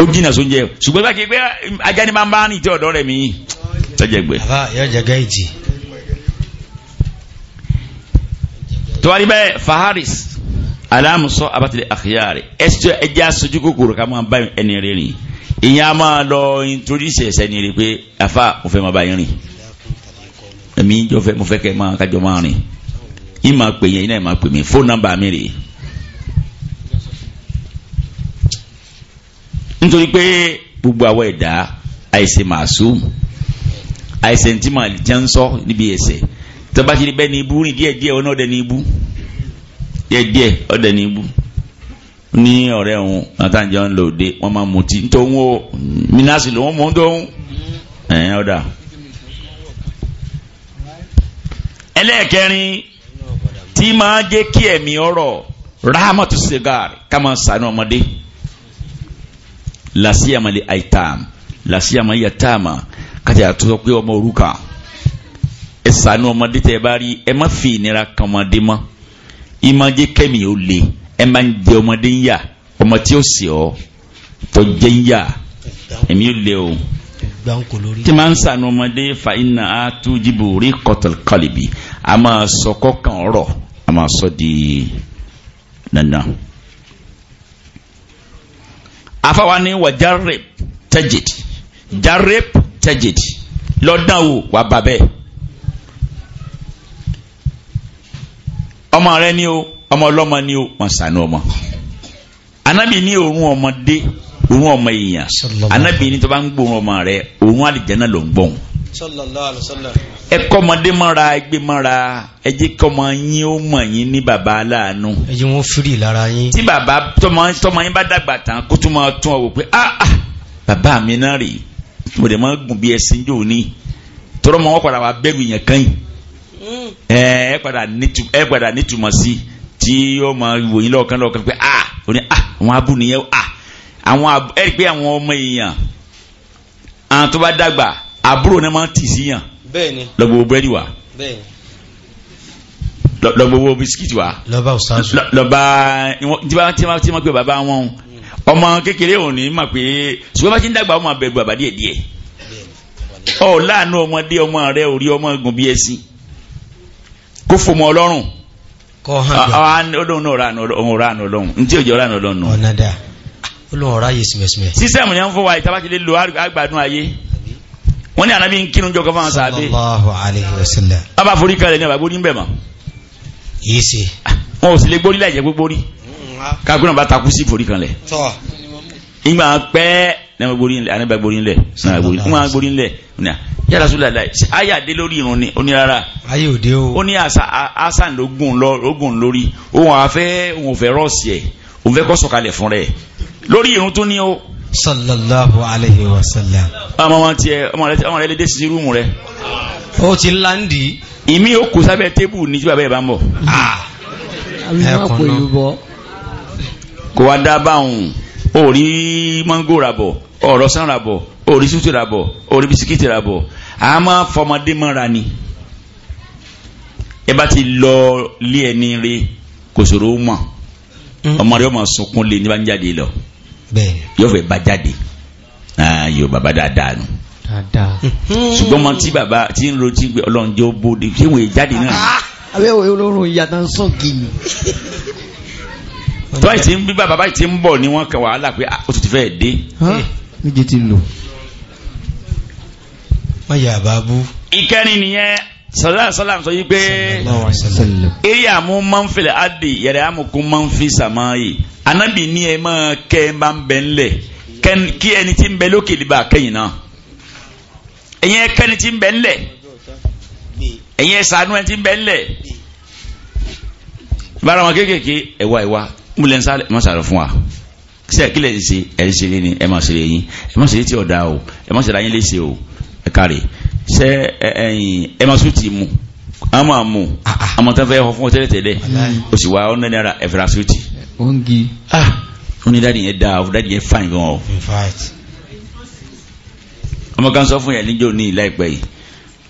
ó jìnnà só jẹ ṣùgbọ́n bá kí ajá ni máa ń bá tọ́wárí bẹ́ẹ̀ faharis alamusọ abatili akiyari ẹsẹ ẹjẹ asojú kòkòrò ká máa bá ẹni rẹ rìn ìyẹn a máa lọ introduce ẹsẹ ni rẹ pé afa mo fẹ́ máa bá yín rìn èmi jọ fẹ́ mo fẹ́ kẹ́ máa kájọ máa rìn yín máa pè yẹn yín náà máa pè mi rèé. nítorí pé gbogbo àwọn ẹ̀dá àìsè màsúm àìsè ntí màá jẹ́ ń sọ níbi ẹ̀sẹ̀ tọba ti bẹ ní ibú ní díẹ̀ díẹ̀ ọ náà ọdẹ ní ibú díẹ̀ díẹ̀ ọdẹ ní ibú ní ọ̀rẹ́ òun àtàǹjẹ ń lò dé wọn máa mutí nítorí wọn mínásì ló wọn mú tó ń ẹ̀yìn ọdà. ẹlẹ́ẹ̀kẹrin tí máa jẹ́ kí ẹ̀mí ọ̀rọ̀ rahmatu sigar ká máa sànú ọmọdé làásìyàmọ̀lẹ̀ àìtàm làásìyàmọ̀ yàtàmà kájà tó sọ pé ọmọ òrukàn ẹ ṣàánú ọmọdé tẹ ẹ bá rí ẹ má fi ìnira kan ọmọdé mọ́ ìmọ̀jẹ́ kẹ́mi ò le ẹ má ń jẹ ọmọdé ń yà ọmọ tí ó sì ọ́ le o tí máa ń ṣàánú fa ina àtú jìbò rí kọtàkọlìbì a máa sọ kọ́kàn ọ̀rọ̀ a máa sọ di dandan. afawa wa jarrib tajid jarrib tajid lọ́dàn wo wà ọmọ rẹ ni o ọmọ ọlọ́mọ ni o wọ́n sànú ọmọ anábì ní òórùn ọmọdé òórùn ọmọ èèyàn anábì ní tó bá ń gbóòórùn ọmọ rẹ òórùn àlìjẹ́nà ló ń gbóhùn ẹ kọ́ ọmọdé mọ́ra ẹgbẹ́ mọ́ra ẹ jẹ́ kí ọmọ yín ó mọ̀ yín ní bàbá aláàánú. ẹ wọn firi lára yín. tí bàbá tọmọ yín bá dàgbà tán kó tún máa tún ọ pé ah ah bàbá mi náà rèé mo dẹ̀ máa gùn bí ẹsìn jò ní tọrọ mọ́ wọn padà wà bẹ́rù yẹn kan yìí Hmm. Eh, ẹ padà nítumọ̀ sí tí yóò máa wòyìn lọ́ọ̀kan lọ́ọ̀kan pé a ah! ò ní a ah! àwọn abu nìyẹn a ah! àwọn ẹ rí i pé àwọn ọmọ èèyàn àwọn tó bá dàgbà àbúrò náà máa ń tì sí yàn lọ́gbọ̀wọ́ búrẹ́dì wa lọ́gbọ̀wọ́ bisikíìtì wa lọ́ba tí wọ́n gbé bàbá wọn ọmọ kékeré ò ní mà pé ṣùgbọ́n bá ti ń dàgbà ọmọ abẹ́rù bàbá díẹ̀díẹ̀ ọ̀ láàánú ọmọdé ọmọ rẹ orí ọmọ gùn bí ẹṣin kó fòmù ọlọ́run ah, ah, ọlọ́run náà ránà ọlọ́run ránà ọlọ́run ntí òjò ránà ọlọ́run. ọ̀nàdà olóhùn ọ̀rá yìí sìmẹ̀sìmẹ̀. sísẹ́mù ni wọ́n fún wa ìtabakilé lo àgbàdun ayé wọ́n ní ànábì ń kírun jọ kọ́ fáwọn sàbẹ̀. sallallahu alayhi wa sallam. a bá forí kalẹ̀ ní ọba gbórí ń bẹ̀ mọ́. yìí ṣe. Ah, wọn ò sì lè gbórí láì jẹ́ gbórí. Mm, káàkiri bá takú sí forí kalẹ̀ ìgbà pẹ́ náà borí ńlẹ̀ anábà borí ńlẹ̀ náà borí ńlẹ̀ borí ńlẹ̀ ní yàrá sùlá láì ayé àdé lórí irun ni ó ní rárá ayé òde o ó ní asan ló gùn lórí òun àfẹ́ òun fẹ́ rọ́ọ̀sì ẹ̀ òun fẹ́ kọ́ sọ̀kalẹ̀ fún rẹ̀ lórí irun tó ní o. sallallahu alayhi wa sallam. ọmọ wọn tiẹ ọmọ rẹ lédè sí rúùmù rẹ. ó ti láǹdì. ìmí ó kù sábẹ́ tébù ní tí bàbá yẹn bá ń bọ̀. Ah. ẹkùn náà kò wá dá báwọn orí mọ́ngò rabọ̀ ọ̀rọ̀ sán rabọ̀ orí sútì rabọ̀ orí bisikíìtì rabọ̀ a máa fọmọdé mọ́ra ni ẹ bá ti lọ lé ẹni re kò sòrò mọ̀ hmm. ọmọ rẹ ọmọ sunkún lé ní bá ń jáde lọ yóò fẹ́ bá jáde yóò bàbá dáadáa nù hmm. ṣùgbọ́n mọ tí bàbá tí ń ro tí ọlọ́run bóde tí wọ́n jáde náà. abẹ́ òye olórun ìyá tó báyìí ti ń gbígbà bàbá yìí ti ń bọ̀ ni wọ́n kàn wàhálà pé ah, ó ti fẹ́ dé. Eh. méje ti lò. wọ́n yà bá bú. ìkẹrin nìyẹn sọlá sọlá sọ yí pé eré àmú máa ń fẹlẹ̀ adé yẹrẹ àmukú máa ń fi sàmá yìí anábì ní ẹ máa kẹ́ ẹ bá ń bẹ ńlẹ̀ kí ẹni tí ń bẹ lókè lè bá náà ẹ̀yin kẹ́ni tí ń bẹ ńlẹ̀ ẹ̀yin ẹ̀sánú ẹni tí ń bẹ ńlẹ̀ bára wọn kéékèèké ẹ̀wà ẹ̀wà múlẹ̀ nsá ẹ má sàrọ̀ fún wa sẹ kí lè ṣe ẹ ṣe lé ní ẹ má ṣe lé yín ẹ má ṣe lé tí ò da o ẹ má ṣe lé ayé lè ṣe o ẹ kárẹ̀ sẹ ẹ ẹ má sùn tì mú ah, ah. àmọ́ àmọ́ àmọ́ tó fẹ́ ọ fún ọ tẹ́lẹ̀ o sì wá ọ̀nà náírà ẹ fẹ́ra sùn tì. ó ń ah ó ní dáàdi yẹn dáa ó dáàdi yẹn fáìn gan o. ọmọ kan sọ fún yẹn níjó ní láìpẹ́ yìí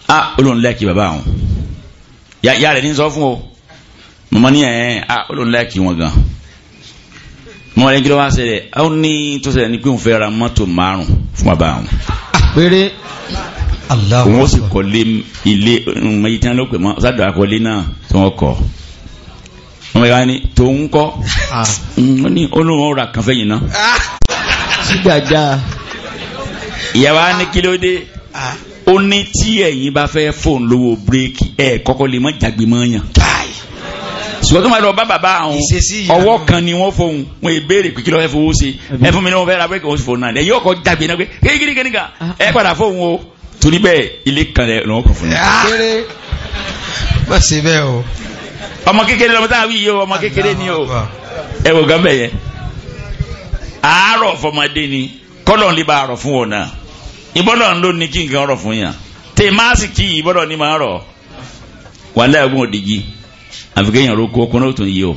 ah olóhùn láìkí bàbá àwọn yàrá rẹ̀ ní sọ fún o mọ̀mọ́ ní ẹ̀ ah olóhùn láìkí wọn gan wọn ní kí ló wá ṣẹlẹ̀ àwọn ní tó ṣẹlẹ̀ ní pé òun fẹ́ ra mọ́tò márùn fún bàbá àwọn. péré aláwọ wọn sì kọ́lé ilé ẹyí tí wọn ló pè mọ sádùn akọ́lé náà tí wọn kọ wọn bẹ wá ní tòun kọ wọn ah. mm, ní olóhùn ọ̀rọ̀ àkànfẹ́ yìí náà. sígbàjá. ìyàwó á ní kí ló dé ah. ó ní tí ẹ̀yin bá fẹ́ fóun lówó bírèkì ẹ̀ kọ́kọ́ lè má jágbe mọ́ yàn. Ah ṣùgbọ́n tó máa lọ bá bàbá àwọn ọwọ́ kan ni wọ́n fọhùn wọn ìbéèrè pé kí lọ́ọ́ fẹ́ fowó ṣe ẹ fún mi ní wọ́n fẹ́ ra pé kò sí fòun náà ẹ yóò kọ́ jágbe náà pé kékeré kékeré kan ẹ padà fóun o torí bẹ́ẹ̀ ilé kan rẹ̀ lọ́wọ́ kan fún mi. Ah. kéré bá ṣe bẹ́ẹ̀ o. ọmọ kékeré lọmọ táwọn yìí o ọmọ kékeré ni o ẹ wò gán bẹ́ẹ̀ yẹn àárọ̀ fọmọdé ni kọ́lọ̀ ní bá àárọ̀ fún wọn náà ìbọ́dọ̀ ń lò ní kí nǹkan rọ̀ fún yàn tèmáàsì kí ìbọ́dọ̀ ní máa rọ̀ wàhálà ẹ̀gbọ́n òdìgí àfikẹ́yìn roko kọ́nà ó tún yí o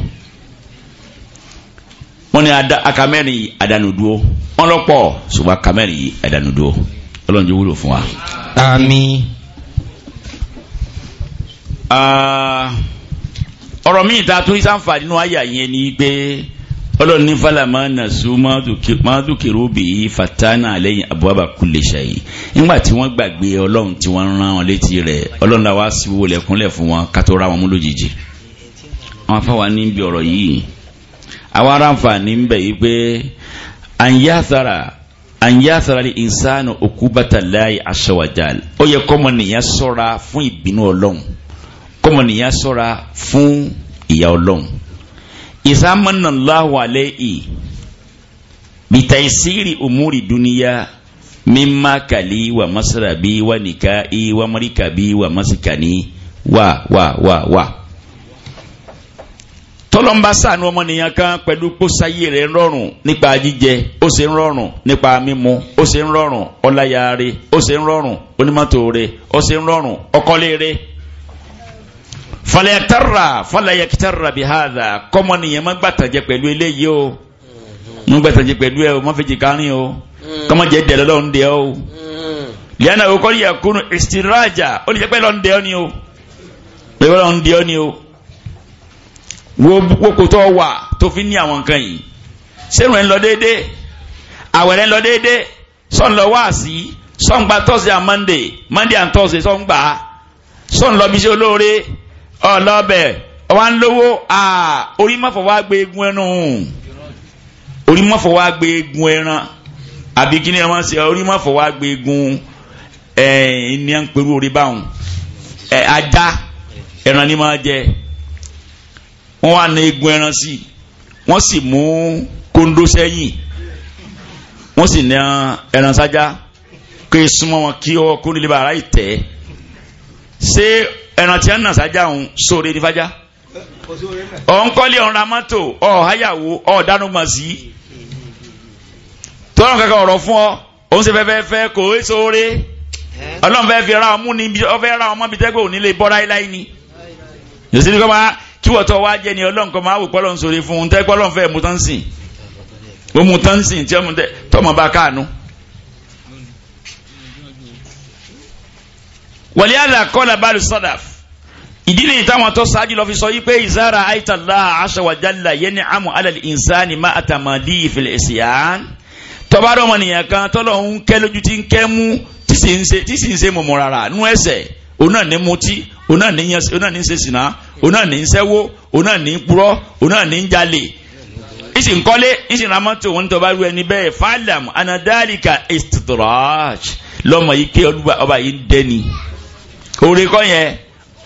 wọ́n ní akamẹ́rin adanuduro wọ́n lọ́pọ̀ ṣùgbọ́n akamẹ́rin adanuduro ọlọ́run jẹ́ wúlò fún wa. àmín. Ah, ọ̀rọ̀ mi ìta tún ní sáǹfà nínú àyà yẹn ni pé ọlọ́run ní fàlàmà nàṣú mádùkìrú bìí fatana àlẹ́yìn abúábà kulè ṣayé nígbà tí wọ́n gbàgbé ọlọ́run tí wọ́n rán wọn létí rẹ̀ ọlọ́run làwọn aṣíwò lẹ́kúnlẹ̀ fún wọn kátó ra wọn mú lójijì. àwọn afáwa ní bí ọ̀rọ̀ yìí àwa aráǹfààní ń bẹ̀ yìí pé ànyásara ànyásara ní ìsánù òkúbàtà láì aṣọwàjàl ó yẹ kọ́mọnìyàn sọ́ra fún ìbínú ọlọ́run kọ́mọnìyàn sọ́ra fún ìyà ìsámánà láhùn alẹ́ yìí bitaisiri umuri duniya mimma kali wa masrabi wa nika'i wa marikabi wa masikani wa wa wa wa tọlọmba sànù ọmọnìyàn kan pẹ̀lú kósáyé rẹ̀ rọrùn nípa jíjẹ ó ṣe ń rọrùn nípa mímu ó ṣe ń rọrùn ọláyàre ó ṣe ń rọrùn onímọ̀tò ó ṣe ń rọrùn ọkọ́lé falayakitara falayakitara bi hada kọ́mọ nìyẹn má gbàtàjẹ pẹ̀lú eléyìí o má gbàtàjẹ pẹ̀lú ẹ o má fèjì kárin o kọ́mọ jẹ dẹ̀ lọ́n dẹ̀ o lẹ́yìn àwọn kọ́ni yakunu istiraja ó lè jẹ́ pé lọ́n dẹ̀ ọ́ ni o lè jẹ́ lọ́n dẹ̀ ọ́ ni o wo wokòtò wà tó fi ní àwọn nǹkan yìí sẹ́nu ẹ̀ ń lọ déédéé àwẹ̀ rẹ̀ ń lọ déédéé sọ́n lọ wáàsí sọ́n gba Thursday and Monday Monday and Thursday sọ́n gbà sọ́n lọ bíṣẹ́ olóore ọlọ́bẹ̀ ọwá ń lówó orí mọ́fọ̀ wá gbé egun ẹran òun orí mọ́fọ̀ wá gbé egun ẹran àbí kí ni ẹ máa ń ṣe orí mọ́fọ̀ wá gbé egun ní à ń perú orí báwọn ajá ẹran ni máa jẹ wọ́n wá na egun ẹran sí wọ́n sì mú kóńdó sẹ́yìn wọ́n sì na ẹran sájá kí súnmọ́ wọn kí ọwọ́ kóńdó bàrá ìtẹ́ ṣé ẹran tí nà sájà ń sóore ní fájà ọ̀nkọ́lé ọ̀nra mọ́tò ọ̀háyàwó ọ̀dánúgbọ̀n sí tọ́lọ́n kankan ọ̀rọ̀ fún ọ òun ṣe fẹ́fẹ́ fẹ́ kò é sóore ọlọ́run fẹ́ fi ra ọmú ni ọfẹ́ ra ọmọ bíi tẹ́gbẹ́ òní lè ni kọ́ máa kí wọ́tọ̀ wá jẹ́ ni wàlẹ́ àdàkọ́lá bá lù sọ́dà ìdílé yìí táwọn tó ṣáájú lọ fi sọ yìí pé ìzára àìtàlá aṣọwájálà yẹn ní àmú alẹ́ ìnsáni má àtàmàdí ìfìlẹ̀ ìsìyàn tọ́bárọ̀ ọmọnìyàn kan tọ́lọ̀ ń kẹ́ lójú tí ń kẹ́ mú tí sì ń ṣe mọ̀mọ́ rárá nú ẹsẹ̀ òun náà ní mutí òun náà ní ṣe sìnà òun náà ní ṣẹ́wó òun náà ní purọ́ òun náà ní jalè ìsì nkọ́lé ìsì ramọ́tò wọn tó bá rú ẹni bẹ́ẹ̀ fàlàm anadálìkà istidraj lọ́mọ yìí ké ọba yìí dẹ́ni òrè kọ́ yẹn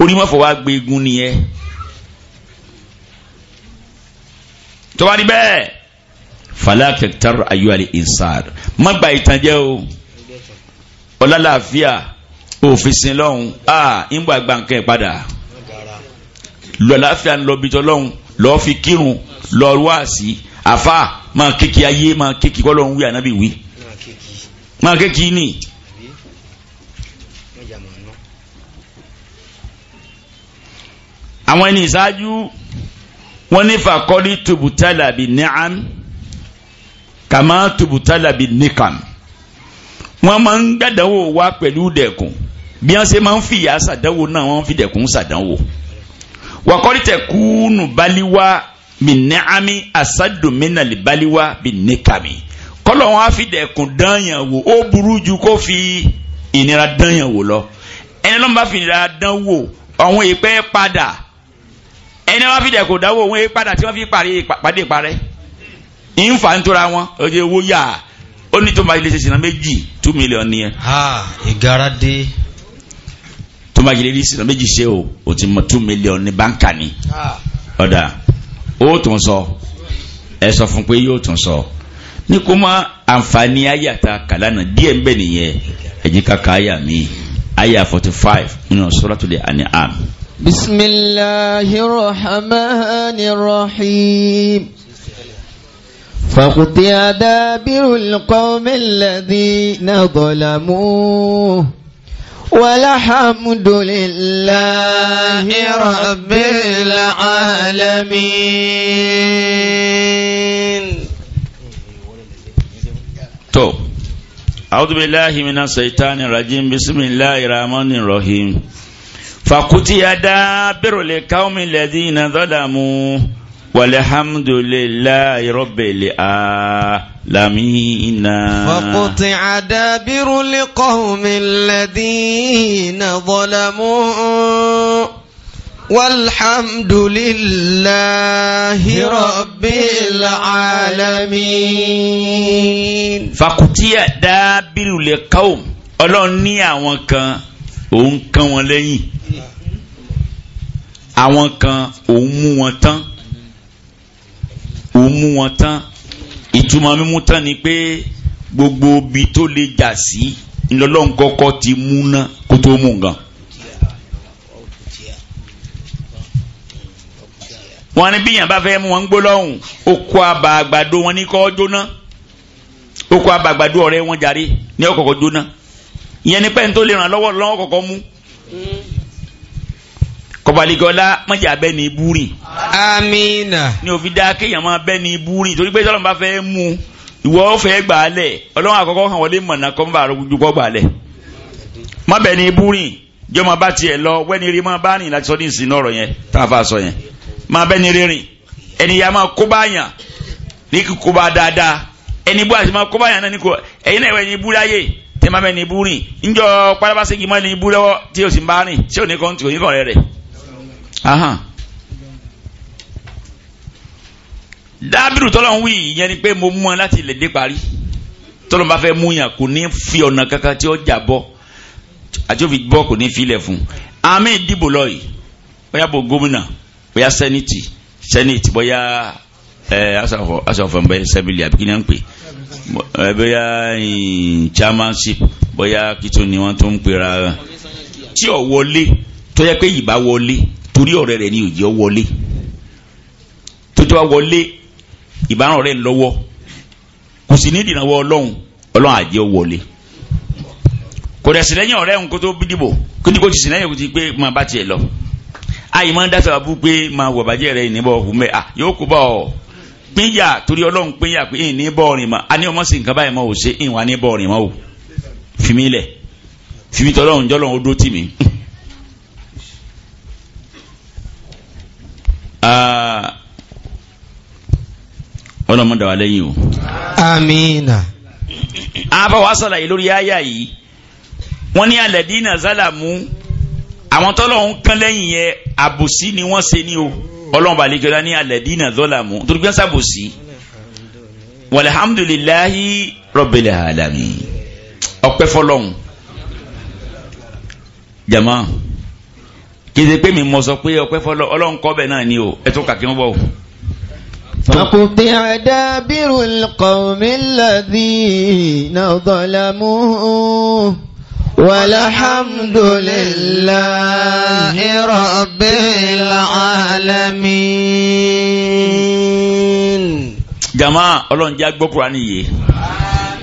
onímọ̀fọ̀ wa gbé egun nìyẹn tó bá di bẹ́ẹ̀ fàlà kẹtàrọ ayọ àlè ìsàr má gba ìtànjẹ o ọlálàáfíà òfìsìn lọ́hùn a ń bọ̀ àgbà nǹkan ẹ̀ padà lọ́láfíà ń lọ bitọ́ lọ́hùn lọ́ọ́ fi kírun lọ́ọ́ wáàsí àfa máa kéèkì ayé máa kéèkì kọ́ lọ́hùn wí ànábì wí máa ní. àwọn ẹni ìṣáájú wọ́n ní fàkọ́rí tubutala bi ni'am kàmá tubutala bi nikam wọ́n máa ń gbàdánwò wá pẹ̀lú dẹ̀kùn bí wọ́n ṣe máa ń fìyà ṣàdánwò náà wọ́n fi dẹ̀kùn ṣàdánwò wàkọ́rí tẹ̀kúnù baliwa bi ni'ami asadumina li baliwa bi nikami kọ́lọ̀ wọn á fi dẹ̀kùn dányàn wò ó burú ju kó fi ìnira dányàn wò lọ ẹni ló fi ìnira dán wò ìpẹ́ padà ẹni wọn fi dẹ̀ kò dáwọ́ òun padà tí wọ́n fi parí pàdé parẹ́ ìnfà ń tora wọn oye owó yà ó ní tó máa ilé ṣèṣìnà méjì two million nìyẹn. ha ìgara dé. tó máa ilé ṣèṣìnà méjì ṣe o o ti mọ two million ní báńkà ni ọ̀dà ó tún sọ ẹ sọ fún pé yóò tún sọ ní kó má àǹfààní ayàtà kàlánà díẹ̀ ń bẹ̀ nìyẹn ẹ̀jẹ̀ kàkà àyà mi àyà forty five nínú suratul An'am. بسم الله الرحمن الرحيم فقطع دابر القوم الذين ظلموا والحمد لله رب العالمين تو أعوذ بالله من الشيطان الرجيم بسم الله الرحمن الرحيم فقطع دابر القوم الذين ظلموا والحمد لله رب العالمين فقطع دابر القوم الذين ظلموا والحمد لله رب العالمين فقطع دابر القوم ọlọ́run ní àwọn kan òun kán wọn lẹ́yìn àwọn kan òun mú wọn tán òun mú wọn tán ìtumọ̀ mímú tán ni pé gbogbo ibi tó lè jà sí ńlọ́lọ́n kọ́kọ́ ti mú ná kó tó mú nǹkan. wọ́n ní bíyàn bá fẹ́ mú wọn gbó lọ́hùn ó kó wọn ní kọ́ jóná ó kó ọ̀rẹ́ wọn jàre ní ọkọ̀ọ̀kọ̀ jóná ìyẹn ni pẹ́ẹ́n tó lè ràn lọ́wọ́ lọ́wọ́ kọ̀ọ̀kan mú kọbaligọla mọ̀jà abẹ́ Ni búrì. amiina. ní òfin dá kéèyàn máa bẹ́ ní búrì torí pé sọlọ́n bá fẹ́ mú ìwọ fẹ́ gbà á lẹ̀ ọlọ́run àkọ́kọ́ hàn wọlé mọ̀nà kọ́ bá arúgbó kọ́ gbà á lẹ̀. má bẹ̀ ní búrì jọmọ bá tiẹ̀ lọ wẹ́ni rí máa bá rìn láti sọ ní ìsìn ọ̀rọ̀ yẹn tá a fà sọ yẹn. má bẹ́ ní rírìn ẹni yà máa kó bá yàn ní kó bá dáadáa ẹni bú àti máa kó bá yàn náà ní kó ẹ̀yin náà ìwẹ̀ tí ma bẹ ní ibú rìn njọ parabasigi ma ní ibú lọ́wọ́ tí o sì ń bá rìn tí o ní kọ́ tí o ní kọ́ rẹ rẹ. dábìrù tọ́lọ́hún wí ìyẹn ni pé mo mú ọ láti lè dé parí tọ́lọ́hún bá fẹ́ mú yàn kò ní fi ọ̀nà kankan tí ó jà bọ́ àti ó fi bọ́ kò ní filẹ̀ fún un. àmì ìdìbò lọ yìí bóyá bo gómìnà bóyá sẹ́nìtì sẹ́nìtì bóyá ẹ̀ asọ̀fọ̀ asọ̀fọ̀ ń bẹ sẹ́bìlì àbíkí ń pè é bóyá chairmanship bóyá kìtù ni wọ́n tó ń pera tí ò wọlé tó yẹ pé ìbá wọlé torí ọ̀rẹ́ rẹ̀ ni òjì ọ wọlé tó tó wá wọlé ìbáràn rẹ̀ lọ́wọ́ kò sì ní ìdìrànwọ́ ọlọ́run ọlọ́run àjẹ́ ọ wọlé kò dẹ̀ sílẹ̀yìn ọ̀rẹ́ òun kó tó dìbò kó ní kó ti sílẹ̀yìn kó ti pé máa bá tiẹ̀ lọ àyè máa ń dá sábà bú pé máa wọ̀ bàjẹ́ rẹ̀ ìníbọ̀ ọ̀hún mẹ́ à yóò kó bá ọ̀ ìpínyà torí ọlọ́run pínyà pé ìní bọ́ọ̀rìn mọ́ a ní ọmọ sí nǹkan báyìí mọ́ ò ṣe ìwà ní bọ́ọ̀rìn mọ́ ò fimi lẹ̀ fimi tọ́lọ́run jọ́lọ́run ó dó tì mí. Ah, ọlọ́mọdé wa lẹ́yìn o. amiina. àbáwá sàlàyé lórí àyà yìí wọ́n ní alẹ́ dínà zálàmú àwọn tọ́lọ́run kán lẹ́yìn yẹn àbòsí ni wọ́n ṣe ní o ọlọ́run bá lẹ́kẹ̀ọ́ ní alẹ́dínà zọ́làmù torí pé sábòsí wàlẹ́hàmdùlélàhí rọ̀bẹ̀lẹ̀ àlàmì ọpẹ́ fọlọ́hún jama kìí pé mi mọ̀ sọ pé ọpẹ́ fọlọ́ ọlọ́run kọ́ bẹ̀ náà ni o ẹ tún kà kí bọ̀ o. فقطع دابر القوم الذين ظلموا والحمد لله رب العالمين jama Ọlọ́run jẹ́ agbọ́ kurani yìí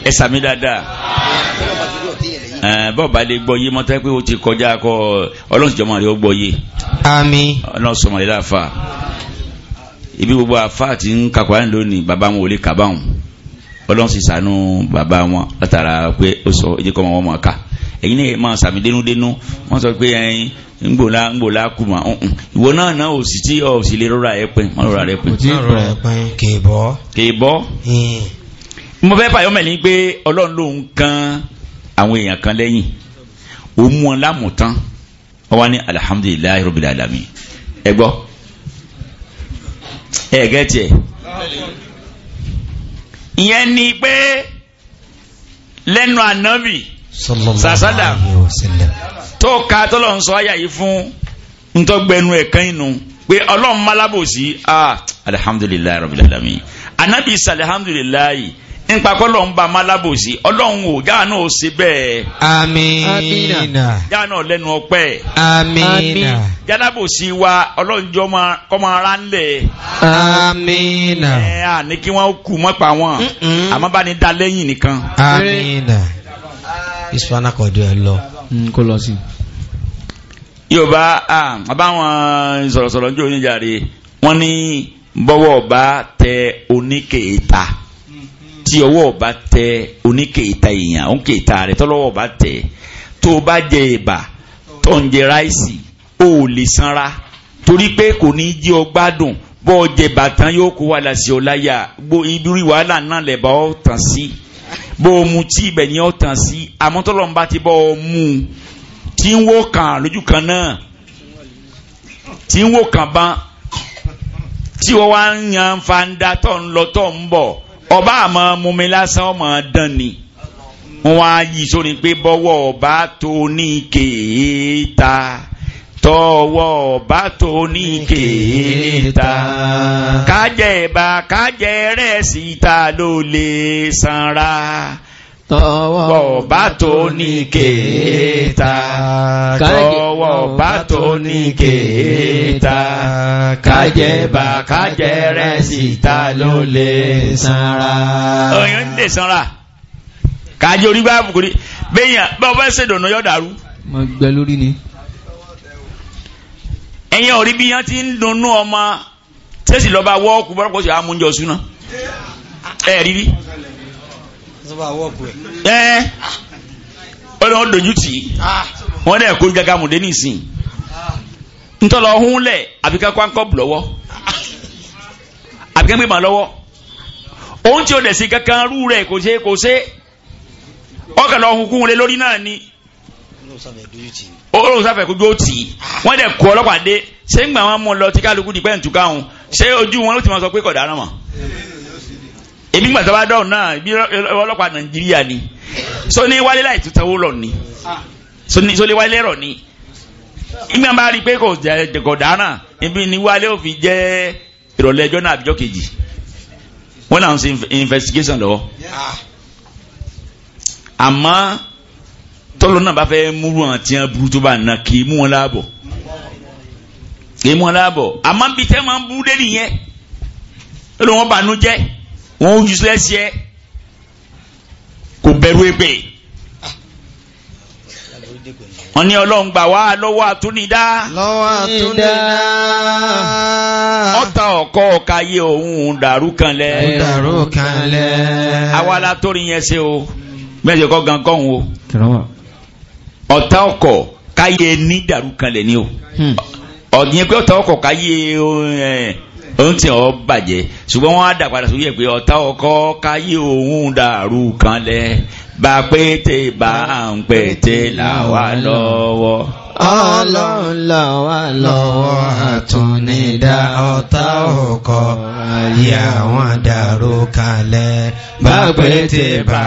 ẹ sàmì dáadáa bọ́ọ̀ bá lè gbọ́ yé mọ́tẹ́ pé ó ti kọjá kọ Ọlọ́run jọmọ rẹ ó gbọ́ yé. àmín. Ọlọ́run sọmọ rẹ láfa ibi gbogbo afa ti ń kakọ ayé lónìí bàbá wọn ò lè kà báwọn Ọlọ́run sì sànú bàbá wọn látara pé ó sọ ìdíkọ́ wọn wọn mọ̀ ká ẹ̀yin náà máa sàmì dénúdénú wọ́n sọ pé ẹ̀yin ngbòlá ngbòlá kùmà ìwọ náà náà ò sì tí ò sì lè rọra ẹ pin má rọra ẹ pin. kèbọ́. kèbọ́. Hmm. mo fẹ́ fàyọ́mọ̀ ní pé ọlọ́run ló ń kan àwọn èèyàn kan lẹ́yìn ó mú wọn lámùtán wọ́n wá ní alihamudulilayi rabbil alamin ẹ gbọ́ ẹ gẹ́ tiẹ̀ ìyẹn ni pé lẹ́nu ànábì sàṣàdà tó ka tọ́lọ̀ ń sọ àyà yìí fún ah alihamudulilayi rabilalamin anabi salihamudulilayi nípa pé ọlọ́run bá malábòsí ọlọ́run ò yáà náà ó ṣe bẹ́ẹ̀. amiina yáà náà lẹ́nu ọpẹ́. amiina jálábòsí wa ọlọ́run jọ kọ́ máa ń lẹ̀. amiina ẹ̀ à ní kí wọ́n kú mọ́pa wọn àmọ́ bá ní da nìkan. amiina. amiina ìsúná kọ̀dọ̀ ẹ̀ lọ. Hmm, kó lọ sí. yóò bá àbáwọn sọ̀rọ̀sọ̀rọ̀ ń jó oníjà rè wọ́n ní bọ́wọ́ ọba tẹ oníkèéta tí ọwọ́ ọba tẹ oníkèéta èèyàn oníkèéta rẹ̀ tọ́lọ́wọ́ ọba tẹ tó o bá jẹ ẹ̀bà tó ń jẹ ráìsì o ò lè sanra torí pé kò ní í jẹ́ ọ gbádùn bọ́ọ̀ jẹ bàtán yóò kó wàhálà sí ọ láyà gbó ibi wàhálà náà lẹ̀ bá ọ tàn sí. Si bó o mu tí ibẹ̀ ni ọ́ tàn sí amọ́tọ́lọ́mba ti bọ́ ọ mú un tí ń wò kàn lójú kan náà tí ń wò kàn bán tí wọ́n wá ń yan fanda tó ń lọ tó ń bọ̀ ọba àmọ́ mumi lásán ọmọ dán ni wọ́n á yí sóni pé bọ́wọ́ ọba tó ní kéèta tọwọ́ bá tó ní kéèta kájẹ ìbá kájẹ rẹ̀ síta ló lè sanra tọwọ́ bá tó ní kéèta tọwọ́ bá tó ní kéèta kájẹ ìbá kájẹ rẹ̀ síta ló lè sanra. oyin lè sanra kájẹ orí bá bùkún ní bẹ́yìn bá ọba ṣèdùnú yọ̀ dàrú. mo gbẹ lórí ni. ẹ̀yin ọ̀rí bí yẹn ti ń dunnú ọmọ tẹ́sí lọ́ba wọ́ọ̀kù bọ́lá kò sì amúnjọ súná ẹ̀ rírí. ẹ ọrịa lọ́wọ́ dojú tì í ah. wọ́n dẹ̀ kó gàgà mùdé nìsín ntọ́lọ ọ̀hún lẹ̀ àbíká lọ́wọ́ àbíká lọ́wọ́ òun tí o dẹ̀ sí kankan rú rẹ̀ kò kò kún un lé lórí náà ni. olóhùn sáfẹ́ kójú ó tì í wọ́n dẹ̀ kó ọlọ́pàá dé ṣé ń gbà wọn mú lọ tí kálukú di pẹ́ǹtù káwọn ṣé ojú wọn ló ti máa sọ pé kọ̀dà náà mọ̀ èmi gbà tó bá dọ̀hùn náà ibi ọlọ́pàá nàìjíríà ni so ní wálé láì tuntun owó lọ ni so ní so lè wálé rọ̀ ni ìgbà bá rí i pé kò kọ̀dà náà ibi ni wálé ò fi jẹ́ ìrọ̀lẹ́ ẹjọ́ náà àbíjọ́ kejì wọ́n náà ń ṣe investigation lọ́wọ́ àmọ́ tọ́lọ́ náà bá fẹ́ múrú àwọn tí wọ́n burú tó bá na kì í mú wọn láàbọ̀ kì í mú wọn láàbọ̀ àmọ́ bí tẹ́ máa ń burú dé nìyẹn ó lè wọ́n bànú jẹ́ wọ́n ojú sílẹ̀ sí ẹ kò bẹ̀rù èpè wọ́n ní ọlọ́run gbà wá lọ́wọ́ àtúnidá lọ́wọ́ àtúnidá ọ̀tá ọ̀kọ́ ọ̀ka yé òun dàrú kanlẹ̀ dàrú kanlẹ̀ awala tó rí yẹn ṣe o bẹ́ẹ̀ kọ́ gan kọ́hún o ọ̀tá ọkọ̀ káyé ní dàrú kanlẹ̀ ni o hmm. ọ̀dìyẹn pé ọ̀tá ọkọ̀ káyé eh, ohun tí ọ bàjẹ́ ṣùgbọ́n wọ́n á dà padà sórí ẹ̀ pé ọ̀tá ọkọ̀ káyé òun dàrú kanlẹ̀ bá pété bá ń pété làwa lọ́wọ́ ọlọ́run lọ́wọ́ lọ́wọ́ àtúnidá ọ̀tá ọkọ̀ ayé àwọn dàrú kalẹ̀ bá pété bá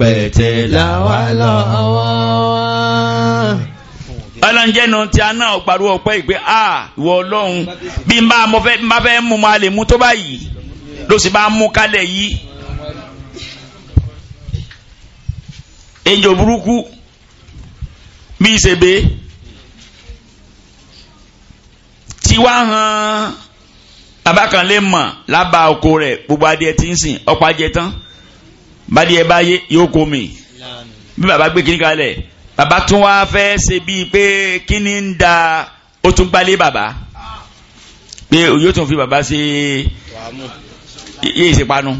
pété lọ́wọ́ lọ́wọ́. ọlọ́njẹ́nu tí a náà pariwo ọpẹ́ ìpè a ìwọ ọlọ́run bí n bá mo fẹ́ n bá fẹ́ mú ma lè mú tó báyìí ló sì bá mú kalẹ̀ yìí. èjò burúkú bí ìṣèbè. ti wá hàn bàbá kan lè mọ̀ lába oko rẹ̀ gbogbo adìẹ ti ń sìn ọ̀pọ̀ ajẹ tán bàdìẹ bá yóò kó mi bí bàbá gbé kíní kalẹ̀ bàbá tún wá fẹ́ ṣe bíi pé kíní ń da ó tún gbalé bàbá pé yóò tún fi bàbá ṣe yé ìṣèpanu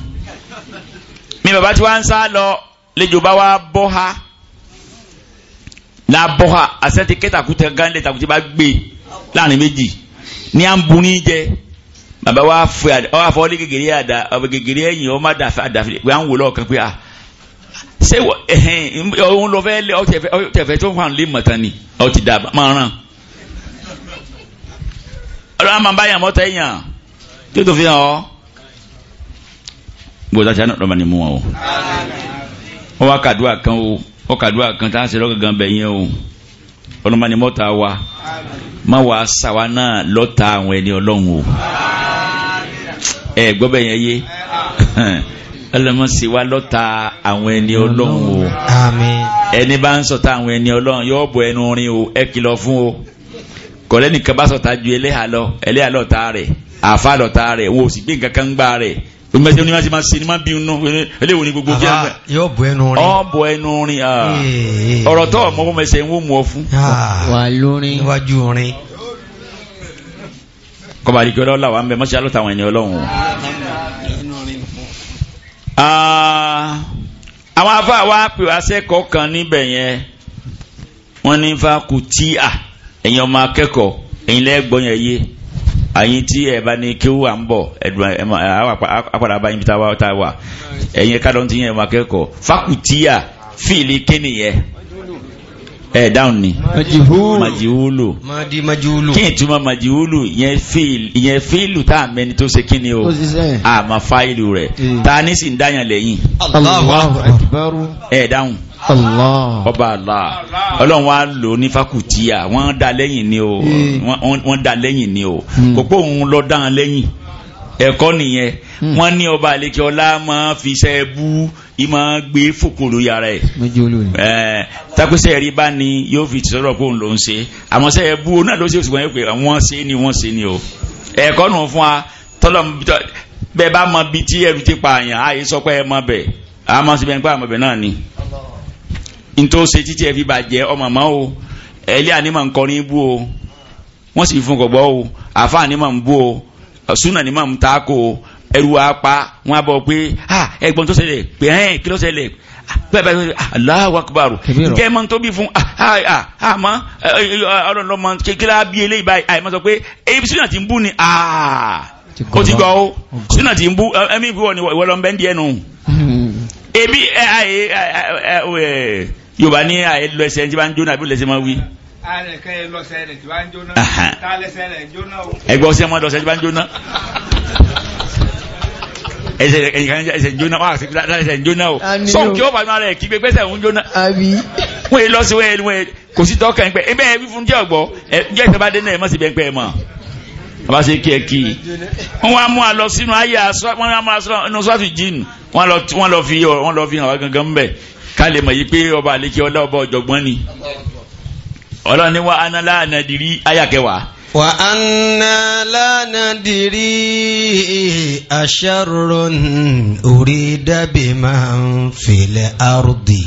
mi bàbá tí wá ń sá lọ lẹ́jọ́ bá wá bọ́ ha la bọ́ ha àṣẹ ti kẹ́tàkùtà gánlẹ̀ tàkùtà bá gbé láàrin méjì ní à ń bu ní jẹ bàbá wa fẹ ọ afọ ọdẹ gègèrè àdá ọbẹ gègèrè ẹyìn ọmọ àdàfẹ àdàfẹ pé à ń wò lọọkan pé à ṣé ẹhìn ọhún lọ fẹ lé ọtẹfẹ tó hàn lé mọtàn ni ọtí dà máa ràn ọlọ́run máa bá yàn mọ́tà tó tó fi hàn ọ́ gbọ́dọ̀ àti àná ọlọ́run ni mú wọn o wọ́n kàdúrà kan o wọ́n kàdúrà kan tá a ṣe lọ́gàgàn bẹ̀ yẹn o ọlọ́mọba ni mọ́ta wa má wàá sàwa náà lọ́ta àwọn ẹni ọlọ́run o ẹ gbọ́ bẹ́ẹ̀ yẹn yé ọlọ́mọ sì wá lọ́ta àwọn ẹni ọlọ́run o ẹni bá ń sọ̀tà àwọn ẹni ọlọ́run yóò bọ̀ ẹnu rin o ẹ kìlọ̀ fún o kọ̀lẹ́nìkan bá sọ̀tà ju ẹlẹ́hà lọ ẹlẹ́hà lọ́ta rẹ̀ àfa lọ́ta rẹ̀ wọn sì gbé nǹkan gbá rẹ̀ mẹsẹ ní wọ́n ti máa ṣe ní máa bí inú eléwo ní gbogbo kí á mẹ́ yóò bọ ẹnu rin ọ bọ ẹnu rin ah. ọ̀rọ̀ tó ọmọ fún mẹsẹ̀ ń wò mú ọ fún. Ah. wà lórin níwájú rin. kọ́ba àdìgbò ọlọ́lá wa ń bẹ mọ́ṣáláà táwọn ẹni ọlọ́run ah. àwọn afa wa pè wá sẹ́kọ̀ọ́ kan níbẹ̀ yẹn wọ́n ní fakutia ẹ̀yin ọmọ akẹ́kọ̀ọ́ ẹ̀yin lẹ́gbọ́n yẹn yé àyìn tí ẹ bá ní kí wà ń bọ̀ ẹ̀dùn àpàdà bá yín bí táwa tá wà ẹ̀yin ẹ̀ka dọ́n ti yẹn wọn akẹ́kọ̀ọ́ fakutiya fíìlì kíni yẹ ẹ̀ dáhùn ni majihulu kí n túmọ̀ majihulu yẹn fíìlù tá a mẹ́ni tó ṣe kíni o àmà fáìlù rẹ̀ mm. tá a ní sì ń dáyàn lẹ́yìn. Allahu akbar. ẹ̀ dáhùn. Allah ọlọ́run wa lò ní fakutiya wọ́n da lẹ́yìn ni o eh. wọ́n da lẹ́yìn ni o hmm. kò pé òun lọ dáhùn lẹ́yìn ẹ̀kọ́ nìyẹn hmm. wọ́n ní ọba àlekè ọlá máa fi iṣẹ́ bú ìmọ̀ gbé fòkòrò yàrá ẹ̀ takosẹ́ rí bá ní yóò fi tìsọ́rọ̀ kó ń lò ń ṣe àmọ́ sẹ́ bú náà ló ṣe ṣùgbọ́n yẹn pé ṣe ni wọ́n ṣe ni o ẹ̀kọ́ nù fún wa tọ́lọ̀ bẹ́ẹ̀ bá mọ bí tí ẹrù ti pààyàn àyè sọ pé ẹ mọ bẹ́ẹ̀ àmọ́ síbẹ̀ ń pẹ́ àmọ́ náà ni ntọ́ ṣe títí ẹ̀ fi bàjẹ́ ọmọ mọ́ o ẹ̀lẹ́ àní máa ń kọrin bú o wọ́n sì fún kọ̀gbọ́ o àfa àní máa ń bú o súnà ní máa ń ta ko ẹrù apá wọn bọ pé ha ẹ̀gbọ́n tó ṣẹlẹ̀ pé ẹ kí ló ṣẹlẹ̀ pẹ́ẹ́pẹ́ Allahu Akbar ǹjẹ́ máa ń tóbi fún àmọ́ ọlọ́mọ kékeré bí eléyìí báyìí àìmọ́ sọ pé ebi súnà ti ń bú ni ó ti gbọ́ o súnà ti ń bú ẹ̀mí ìbúwọ̀ ni ìwọ́lọ́mbẹ́ndì ẹnu ebi ẹ ẹ ẹ ẹ ẹ yorùbá ní àyè lọ ẹsẹ̀ tí bá ń jóná àbí lẹsẹ̀ máa wí. ẹgbẹ́ ọsẹ máa lọsẹ̀ tí bá ń jóná ẹsẹ̀ ẹsẹ̀ jóná wà sí ẹsẹ̀ jóná o sọ kí ó bá mi ara ẹ̀ kí gbẹgbẹ́ sẹ̀ ń jóná. wọ́n yé lọ́sí wọ́n yé wọ́n kò sí tọ́ka ẹ̀ pẹ́ ẹ bẹ́ẹ̀ fífún jẹ́ ọ̀gbọ́ ẹ jẹ́ ìtọ́ bá dé náà ẹ má sì bẹ́ẹ̀ pẹ́ ẹ mọ̀ àbá ṣe kí ẹ kí i. wọ́n wá mú a sínú ayé aṣọ wọ́n wá mú a sọ inú sọ́ọ̀tù jíìnì wọ́n lọ fi hàn wá gangan mbẹ́ ká mọ̀ yí pé ọba àlekí ọlá ọba ọ̀jọ̀gbọ́n ni ọlọ́ni wa anala anadiri ayakẹwàá. wa anala anadiri asharrun urida biman fil ardi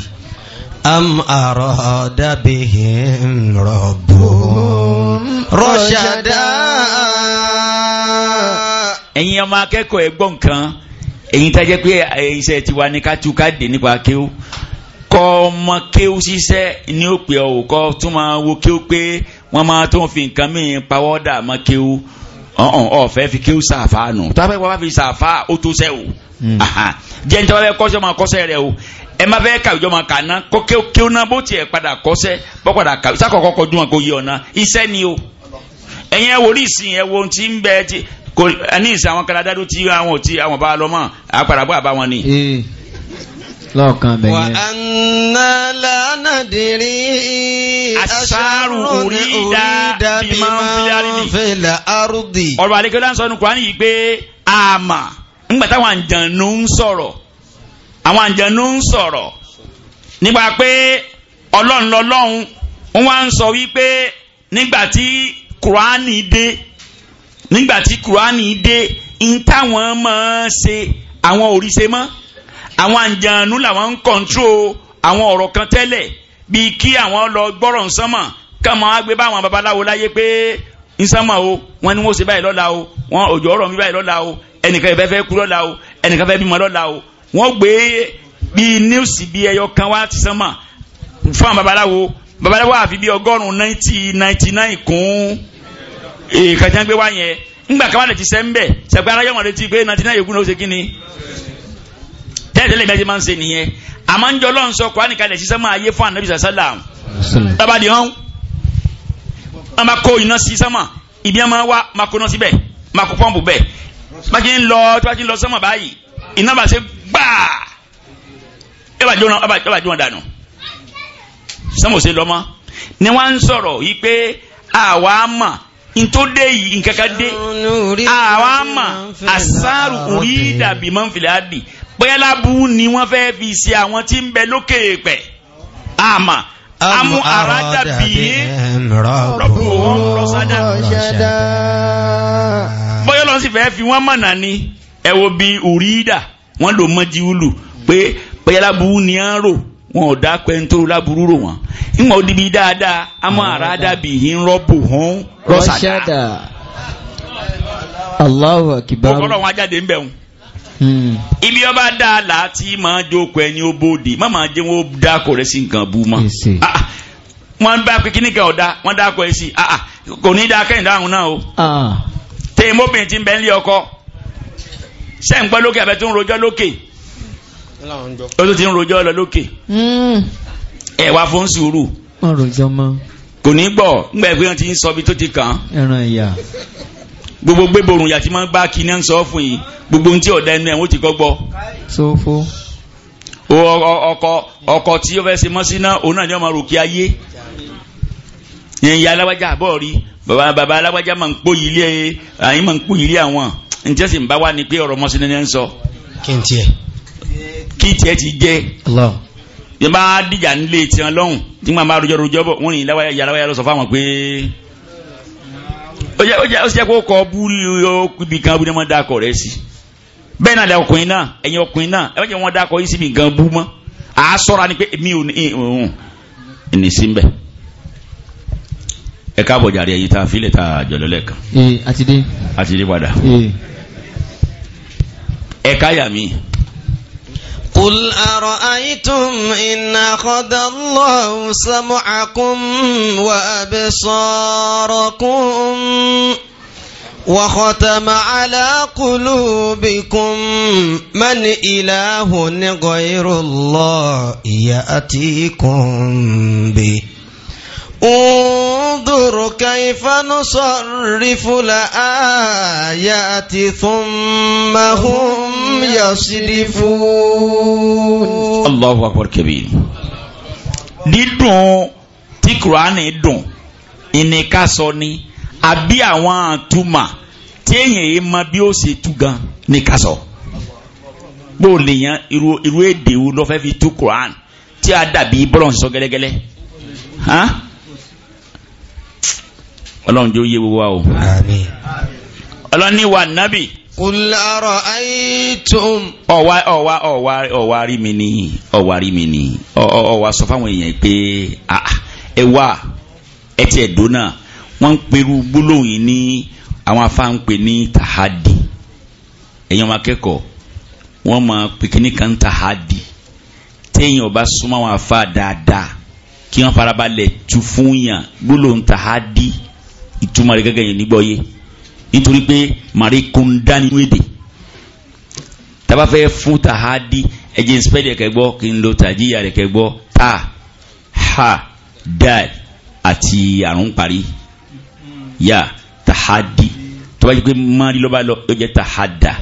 am arada bihim rabbuhum rashada. ẹ̀yin ọmọ akẹ́kọ̀ọ́ ẹ̀gbọ́n kan èyí tá pé iṣẹ́ tiwa ni ká tú ká dé nípa kéwú kọ́ ọmọ kéwú ṣiṣẹ́ ní òpè ọ̀hún kọ́ tún máa wo kéwú pé wọ́n máa tó fi nǹkan mìíràn pawọ́ dà mọ́ kéwú ọ̀fẹ́ fi kéwú sàfà nù tó bá fẹ́ wọ́n fi sàfà ó tó sẹ́ o hmm. jẹ́ nítorí wọ́n fẹ́ kọ́ṣẹ́ máa kọ́ṣẹ́ rẹ o ẹ má fẹ́ kàwé jọ máa kà ná kó kéwú ná bó tiẹ̀ padà kọ́ṣẹ́ bó padà kàwé sákòókò kọjú wọn kò yí ọ̀nà iṣẹ́ ni o ẹ̀yin ẹ̀ wò ní ẹ̀ wo ti ń bẹ ẹni ìsìn àwọn kaladá tó ti àwọn ti àwọn bá lọ mọ́ àpàràbọ̀ àbáwọn ni. Hmm lọ́ọ̀kan bẹ̀yẹn. wà á ná lánà dìrí aṣáàrù orídà bí máa ń fèlè àrùdì. ọ̀rọ̀ àdékẹ́lá ń sọ nùkú àní yìí pé àmà ńgbà táwọn àǹjànú ń sọ̀rọ̀ àwọn àǹjànú ń sọ̀rọ̀ nípa pé ọlọ́run lọ́lọ́run wọ́n wá ń sọ wípé nígbà tí kùránì dé nígbà tí kùránì dé ń táwọn máa ṣe àwọn òrìṣẹ́ mọ́ àwọn àǹjànú làwọn ń kọ̀ǹtró àwọn ọ̀rọ̀ kan tẹ́lẹ̀ bíi kí àwọn lọ gbọ́rọ̀ nsánmọ̀ ká máa bá àwọn babaláwo láyé pé nsánmọ̀ o wọn ni wọn ò ṣe báyìí lọ́la o wọn òjò ọ̀rọ̀ mi báyìí lọ́la o ẹnìkan ìfẹ́ fẹ́ kú lọ́la o ẹnìkan fẹ́ bímọ lọ́la o wọn gbé bíi níwùsì bíi ẹyọ kan wá ti sánmọ̀ fún àwọn babaláwo babaláwo àfi bíi ọgọ́rùn-ún ninety ninety nine kún ìkàtí wọn gbé wá yẹn ńgbà káwọn lè ti sẹ́ ń bẹ̀ sẹ́gbẹ́ tẹ́lẹ̀ bẹ́ẹ̀ ti máa ń ṣe nìyẹn àmọ́ ń jọ lọ́n sọ kọ́ ànìkalẹ̀ sísẹ́ máa yé fún ànábì sàlám tábàdì hàn wọ́n máa kó iná sí sánmà ìbí máa wá máa kóná síbẹ̀ máa kó pọ́ǹpù bẹ̀ bá ti ń lọ tí wọ́n ti ń lọ sánmà báyìí iná bá ṣe gbáà ẹ bá jó wọn dànù sánmà ṣe lọ mọ́ ni wọ́n ń sọ̀rọ̀ yìí pé àwa mà ntode yìí nkankan de àwa mà asáàrù orí dàbí mọ́nfìlẹ́ àdì bóyá ni wọ́n fẹ́ fi ṣe àwọn tí ń bẹ lókè àmà amú àràdà bíi rọ̀bù wọn rọ̀ṣádà bóyá fẹ́ fi wọ́n ni ẹ wo bí wọ́n lò mọ pé ni ń rò wọn ò dá láburú rò dáadáa amú Allahu akibaru. wọn ajáde ń Hmm. ibi ọba dá la tí máa jókòó ẹni ó bóde má máa jẹ́ wọn ó dákọ̀ rẹ sí nǹkan bú mọ́ ah, ah. wọn bá pé kíníkà ọ̀dà wọn dákọ̀ ẹ sí ah, kò ní dá kẹ́hìn dáhùn náà o tẹ mọ́bìnrin tí ń bẹ́ ń lé ọkọ ṣe ń gbọ́ lókè àbẹ̀tún rojọ́ lókè ó tún ti ń rojọ́ lọ lókè hmm. ẹ wá fún sùúrù kò ní gbọ́ ngbà ìpínlẹ̀ ti ń sọ ibi tó ti kàn án gbogbo gbéborùn yàtí máa ń gbá kí náà ń sọ fún yìí gbogbo ohun tí ọ̀dà ẹnu ẹ̀ wọ́n ti kọ́ gbọ́. sófo. ọkọ ọkọ tí ó fẹ́ ṣe mọ́ sí náà òun náà ni wọ́n máa rò kí ayé. ìyá alágbájá àbọ̀ rí bàbá bàbá alágbájá máa ń pò yìí lé àyín máa ń pò yìí lé àwọn ǹjẹ́ sì ń bá wà ní pé ọ̀rọ̀ mọ́ sí náà ń sọ. kí n tiẹ̀. kí tiẹ̀ ti jẹ́. yẹn bá dìjà nílé tiẹ̀ lọ́hùn tí màmá rojọ́ rojọ́ bọ̀ wọ́n ó sì kó kọ búrú ibi kan abúlé wọn dákọ rẹ sí bẹ́ẹ̀ náà lẹ ọkùnrin náà ẹ̀yin ọkùnrin náà ẹ bá jẹ́ síbi ni pé mi ò ní sí mbẹ́ ẹ káàbọ̀ jàre ẹ̀yìn tá a filẹ̀ tá a ee eh, àti dé. padà. ee. Eh. ẹ قل أرأيتم إن أخذ الله سمعكم وأبصاركم وختم على قلوبكم من إله غير الله يأتيكم به انظر كيف نصرف الآيات ثم هم يصرفون الله أكبر كبير dídùn tí kùránì dùn ìníká sọ ni àbí àwọn àtúmà tí èèyàn yìí mọ bí ó ṣe tú gan níká sọ bó lè yan irú èdè wo lọ́fẹ́ fi tú kùránì tí a dàbí bọ́lọ̀ ń sọ gẹ́lẹ́gẹ́lẹ́ hàn ọlọ́run jẹ́ òye wa o. àmín. ọlọ́run ní wa nábì. Qul ara'aytum. ọ̀wá ọ̀wá ọ̀wá ọ̀wá rí mi ní ọ̀wá rí mi ní ọ̀wá sọ fáwọn èèyàn pé ẹ wá ẹ tiẹ̀ dóná wọ́n ń perú gbólóhùn yìí ní àwọn afáǹpẹ̀ ní tahadi èèyàn máa kẹ́kọ̀ọ́ wọ́n máa pèkínní kan tahadi téèyàn ọba súnmọ́ àwọn afá dáadáa kí wọ́n farabalẹ̀ tu fún yàn gbólóhùn tahadi ìtumọ̀ rẹ̀ gẹ́gẹ́ yẹn nígbọ́ yé nítorí pé màrí kúndá nínú èdè tábà fẹ́ fún tàhádì ẹ̀jẹ̀ ìsìpẹ́ẹ̀dì ẹ̀kẹ́ gbọ́ kí n lo tàjíyà rẹ̀ gbọ́ ta ha dal àti àrùn parí ya tahadi. tó bá jẹ́ pé mari lọ́ba lọ yóò jẹ́ tahada,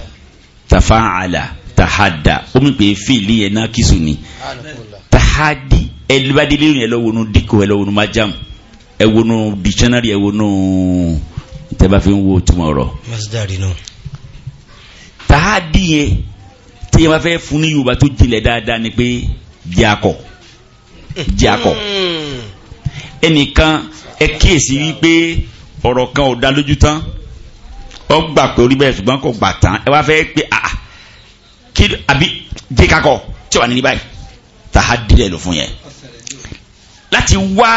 tàfáàlà tàhádà ó mi pè é fèlè yẹn náà kìsùn ni tàhádì ẹ̀ lọ́ba délé lọ́wọ́nu díkò ẹ̀ lọ́wọ́nu májàmù ẹ wọnú dictionary ẹ wọnú tẹ́bàfẹ́ ń wo tuma ọ̀rọ̀. masdari náà. tààdì yẹn tí yẹn bá fẹ́ fún ní yorùbá tó jinlẹ̀ dáadáa ni pé jakọ jakọ hmm. ẹnìkan ẹ kíyèsí wípé ọ̀rọ̀ kan ò dá lójú tán ọ gbà pé orí bẹ́ẹ̀ ṣùgbọ́n kò gbà tán ẹ wá fẹ́ pé àà ah, ah, kí àbí jẹ́ kakọ tí wà ní ní báyìí tààdì rẹ̀ fún yẹn láti wá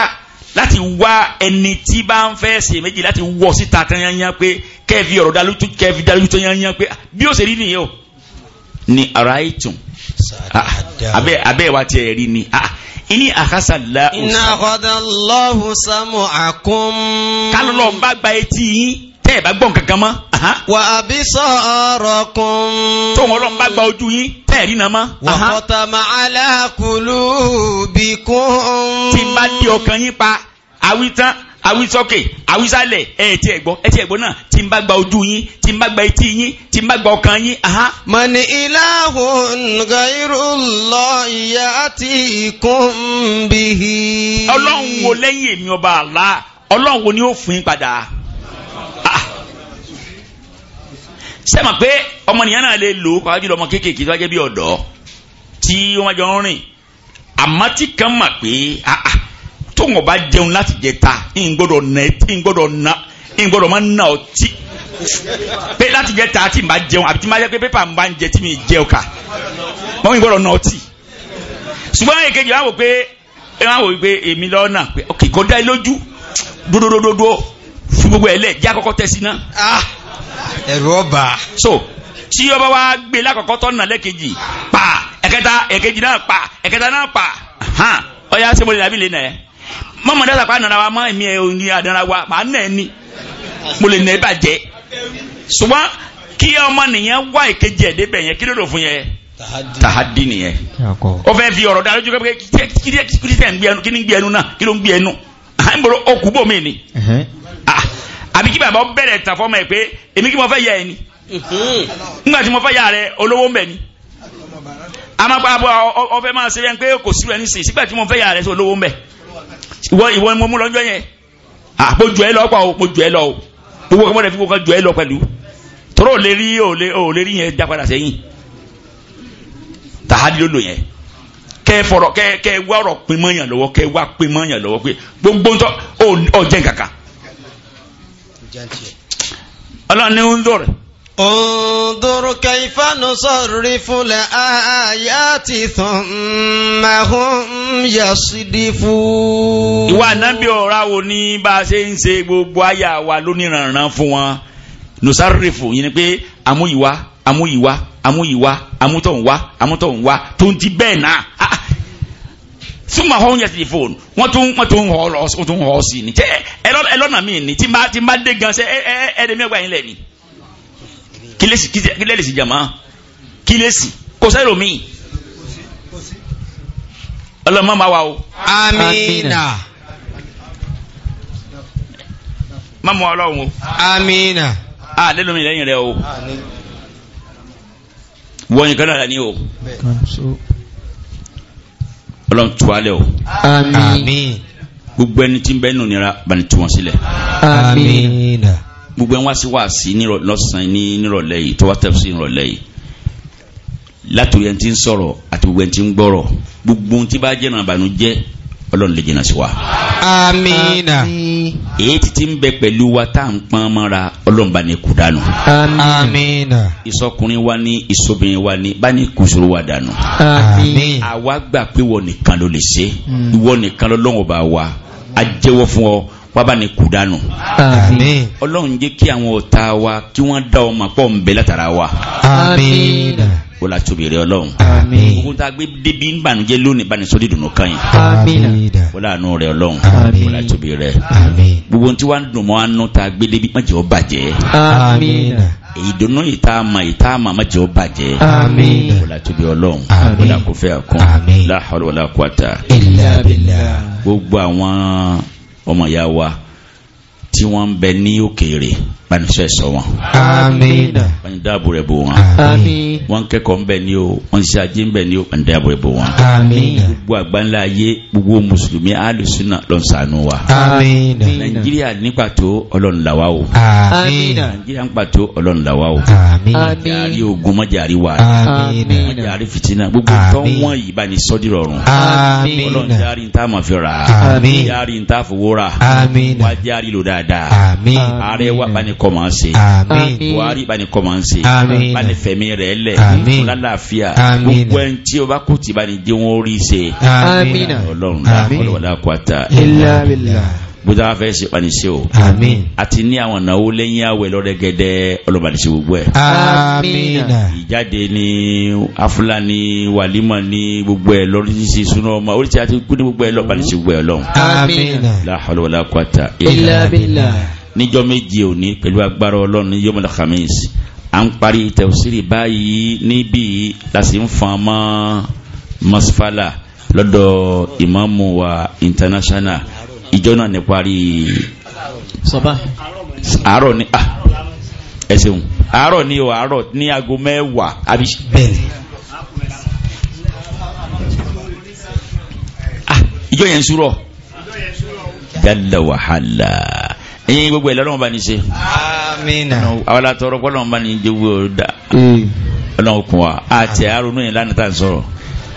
láti wá ẹni tí bá ń fẹ́ ṣe méjì láti wọ síta tẹ́yányán pé kẹ́ẹ̀fì ọ̀rọ̀ dalójú kẹ́ẹ̀fì dalójú tẹ́yányán pé bí ó ṣe rí nìyẹn o ni ara ìtùn ah, abẹ́ abẹ́ wa tiẹ̀ rí ni ah, ini àkásà la ọ̀sán. iná ọ̀dà lọ́hùn sámú àkún. kálọ̀lọ̀ ń bá gba etí yín tẹ́ ẹ̀ bá gbọ́n kankan mọ́. wà á bí sọ̀rọ̀ kún. tóun ọlọ́run bá gba ojú yín tẹ́ ẹ̀ rí náà mọ́. wà á kọ́ta máa tí n bá dé ọkàn yín pa àwítán awisọ́kè awisalẹ̀ ẹ̀ tí ẹ̀ gbọ́ náà tí n bá gba ojú yín tí n bá gba etí yín tí n bá gba ọkàn yín. mani ilahun gairullahi yatikum bihi. ọlọ́run wo lẹ́yìn èmi ọba Allah ọlọ́run wo ni ó fún yín padà. sẹ́mọ̀ ah. pé ọmọnìyàn náà lè lò pàápàá jùlọ ọmọ kéékèèké tó wá jẹ́ bí ọ̀dọ́ tí wọ́n jọ ń rìn àmọ́ tí kan mà pé ah ah tóun ọba jẹun láti jẹ ta ń gbọ́dọ̀ nà ẹ́ ń gbọ́dọ̀ nà ń gbọ́dọ̀ má nà ọtí pé láti jẹ ta tí n bá jẹun àbí tí n bá jẹ pé pépà n bá jẹ tí mi jẹ ọkà mọ́ mi gbọ́dọ̀ nà ọtí ṣùgbọ́n èkejì wọn wò pé wọn wò pé èmi lọ́nà pé ok kọ́dá ẹ lójú dódódódó fi gbogbo ẹ lẹ̀ já kọ́kọ́ tẹ̀ sí náà. Ah, ẹ̀rù ọba. so tí ọba wa gbé lákọ̀ọ́kọ́ tọ́nà lẹ́kejì pa ẹ̀kẹta ẹ̀kejì náà pa ẹ̀kẹta náà pa ọ̀ya ṣe lè dàbí lè nà ẹ́ mọ́mọ́ dáadáa pa nara wa mọ́ ẹ̀mí ẹ̀ òní àdára wa mà á nà ẹ́ ni mo lè nà ẹ́ bàjẹ́ ṣùgbọ́n kí ọmọ nìyẹn wá ìkejì ẹ̀ débẹ̀ yẹn kí ló dò fún yẹn tahadi nìyẹn ó fẹ́ fi ọ̀rọ̀ dáadáa jókòó kí kí tẹ̀ ń gbé ẹnu kí ni ń gbé ẹnu náà kí ló ń gbé ẹnu à ń bolo okùn bò mí ni àbí kí bàbá bẹ̀rẹ̀ tà fọ́mọ ẹ̀ pé èmi kí mo fẹ́ yà ẹ ni nígbà tí mo fẹ́ yà rẹ olówó ń bẹ̀ ni amagba ọfẹ máa ṣe bẹ́ẹ̀ pé kò sí rẹ ní sìn sígbà tí mo fẹ́ yà rẹ sí olówó ń bẹ̀ ìwọ ìwọ ni mo mú lọ́jọ́ yẹn àpò jù ẹ lọ pa o mo jù ẹ lọ o gbogbo kan mo lè fi gbogbo kan jù ẹ lọ pẹ̀lú tọ́rọ ò lè rí ò lè rí yẹn dá padà sẹ́yìn tàhálí ló lò yẹn kẹ fọ̀rọ̀ kẹ kẹ wá ọ̀rọ̀ pin mọyàn lọ́wọ́ kẹ wá pin mọyàn lọ́wọ́ pé gbogbo ntọ ọ jẹ nkankan. ọlọ́run ń dọ̀rẹ̀ انظر كيف نصرف الآيات ثم هم يصدفون ìwà ànábì ọ̀rá wo ni bá a ṣe ń ṣe gbogbo àyà wa lóníranran fún wọn nùsàrìfù yìí ni pé àmúyíwá àmúyíwá àmúyíwá àmútọ̀húnwá àmútọ̀húnwá tó ń ti bẹ́ẹ̀ náà súnmọ́ ọ̀hún yẹn ti fóònù wọ́n tún wọ́n tún họ́ ọ sí ni ẹ lọ́nà mi ni tí n bá dé gan ṣe ẹ ẹ ẹ ẹ dẹ́mi ẹgbẹ́ yín lẹ́ni kílẹ̀sì jama kílẹ̀sì kò sẹ́rò mi ọlọ́mọ máa wà o. amina. má mú ọlọ́run o. amina. a lẹ́nu mi lẹ́yìn rẹ o. wọ́n yìí kan náà ní o. ọlọ́run tu alẹ́ o. amin. gbogbo ẹni tí ń bẹ́ẹ̀ nù nira bani tí wọ́n sílẹ̀. amina. amina gbogbo ẹ̀ wá sí wá sí lọ́sàn-án ní nírọ̀lẹ́ yìí tó wá tẹ̀ sí nírọ̀lẹ́ yìí látòrí ẹni tí ń sọ̀rọ̀ àti gbogbo ẹni tí ń gbọ́rọ̀ gbogbo ohun tí bá jẹ́ náà bànújẹ́ ọlọ́run lè jìnnà sí wa. amiina. èyí ti ti ń bẹ pẹ̀lú wa tá à ń pọ́n mọ́ra ọlọ́run bá ní kú dànù. amiina. ìsọkùnrin wa ní ìsọbìnrin wa ní bá ní kú wa dànù. amiina. àwa gbà pé wọ nìkan ló lè ṣe ìwọ nìkan lọ́lọ́wọ́ bá wa a jẹ́wọ́ fún ọ wábà ní kú dànù. àmín. ọlọ́run jẹ́ kí àwọn ọ̀tá wa kí wọ́n dá ọmọ pọ̀ ń bẹ látara wa. àmín. o la tóbi rẹ ọlọ́run. àmín. gbogbo tá a gbé débi ń bànújẹ́ lónìí banisọ́dí dùnú kan yìí. àmín. o la nù rẹ ọlọ́run. àmín. o la tóbi rẹ. àmín. gbogbo tí wàá dùn mọ́ anú tá a gbé débi má jẹ́ ó bàjẹ́. àmín. ìdùnnú ìta ma ìta ma má jẹ́ ó bàjẹ́. o la tóbi ọlọ́run. o la kò fẹ́ àkún. àmín. la hawla wala quwata. illa billah. gbogbo àwọn ọmọ ìyá wa tí wọ́n ń bẹ ní òkèèrè panisẹ́ sọ wọn. àmín. panidabo rẹ bò wọn. àmín. wọ́n kẹ́kọ̀ọ́ ń bẹ ní o wọ́n ṣe ajé ń bẹ ní o panidabo rẹ bò wọn. àmín. gbogbo àgbáńlá ayé gbogbo mùsùlùmí alùsùnà ló ń ṣàánú wa. àmín. nàìjíríà ní pàtó ọlọ́run làwa o. àmín. nàìjíríà ní pàtó ọlọ́run làwa o. àmín. mọ̀jàrí ogun mọ̀jàrí wa. àmín. mọ̀jàrí fitina gbogbo tán wọ́n yìí bá ní sọ́dí rọrùn. ọlọ́run járí ń dáadáa. àmín. ààrẹ wa bani kọ́ máa ń ṣe. àmín. buhari bani kọ́ máa ń ṣe. àmín. bani fẹ̀mí rẹ̀ lẹ̀. àmín. lálàáfíà. àmín. gbogbo ẹni tí o bá kó tì bani dín wọn rí ṣe. àmín. ọlọ́run náà ọlọ́wọ́lá kó a ta. ilá bìlá bó tá a fẹ́ ṣe pani ṣe o. àmín. àti ní àwọn ìnáwó lẹ́yìn àwẹ̀ lọ́dẹ́gẹ́dẹ́ ọlọ́mọdéṣe gbogbo ẹ̀. àmín. ìjáde ni afúlàní wàlímọ̀ ní gbogbo ẹ̀ lọ́dẹ́sí súná ọmọ oríṣi àti kú gbogbo ẹ̀ lọ́mọdéṣe gbogbo ẹ̀ lọ́hùn. àmín. la hawla wala quwwata illa billah. níjọ́ méje òní pẹ̀lú agbára ọlọ́run ní yọmọl khamis à ń parí tẹ̀síìrì báyìí níbí láti ń fọn masfala lọ́dọ̀ ìmáàmù wa international ìjọ náà ní parí sọba àárọ̀ ní à ah, ẹ ṣeun àárọ̀ ní o àárọ̀ ní aago mẹ́wàá àbí bẹ́ẹ̀ni ah, ìjọ yẹn ń súrọ̀ jalla wàhálà ẹ̀yin gbogbo ìlànà ọba ní ṣe àmín àwọn àtọrọ pọ́lọ́mọba ní jẹ́wọ́ ọ̀dà ọlọ́run kùn wa àti àárọ̀ náà yẹn lánàá tá à ń sọ̀rọ̀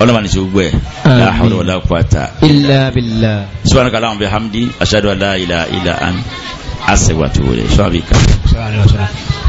ọlọ́mọ ní ṣubú ẹ̀ láhùrù wàlá kwata illa billah subhanaka Allahumma bi hamdi ashhadu an la ilaha illa anta astaghfiruka wa atubu ilayk sọ́wọ́n bí ká.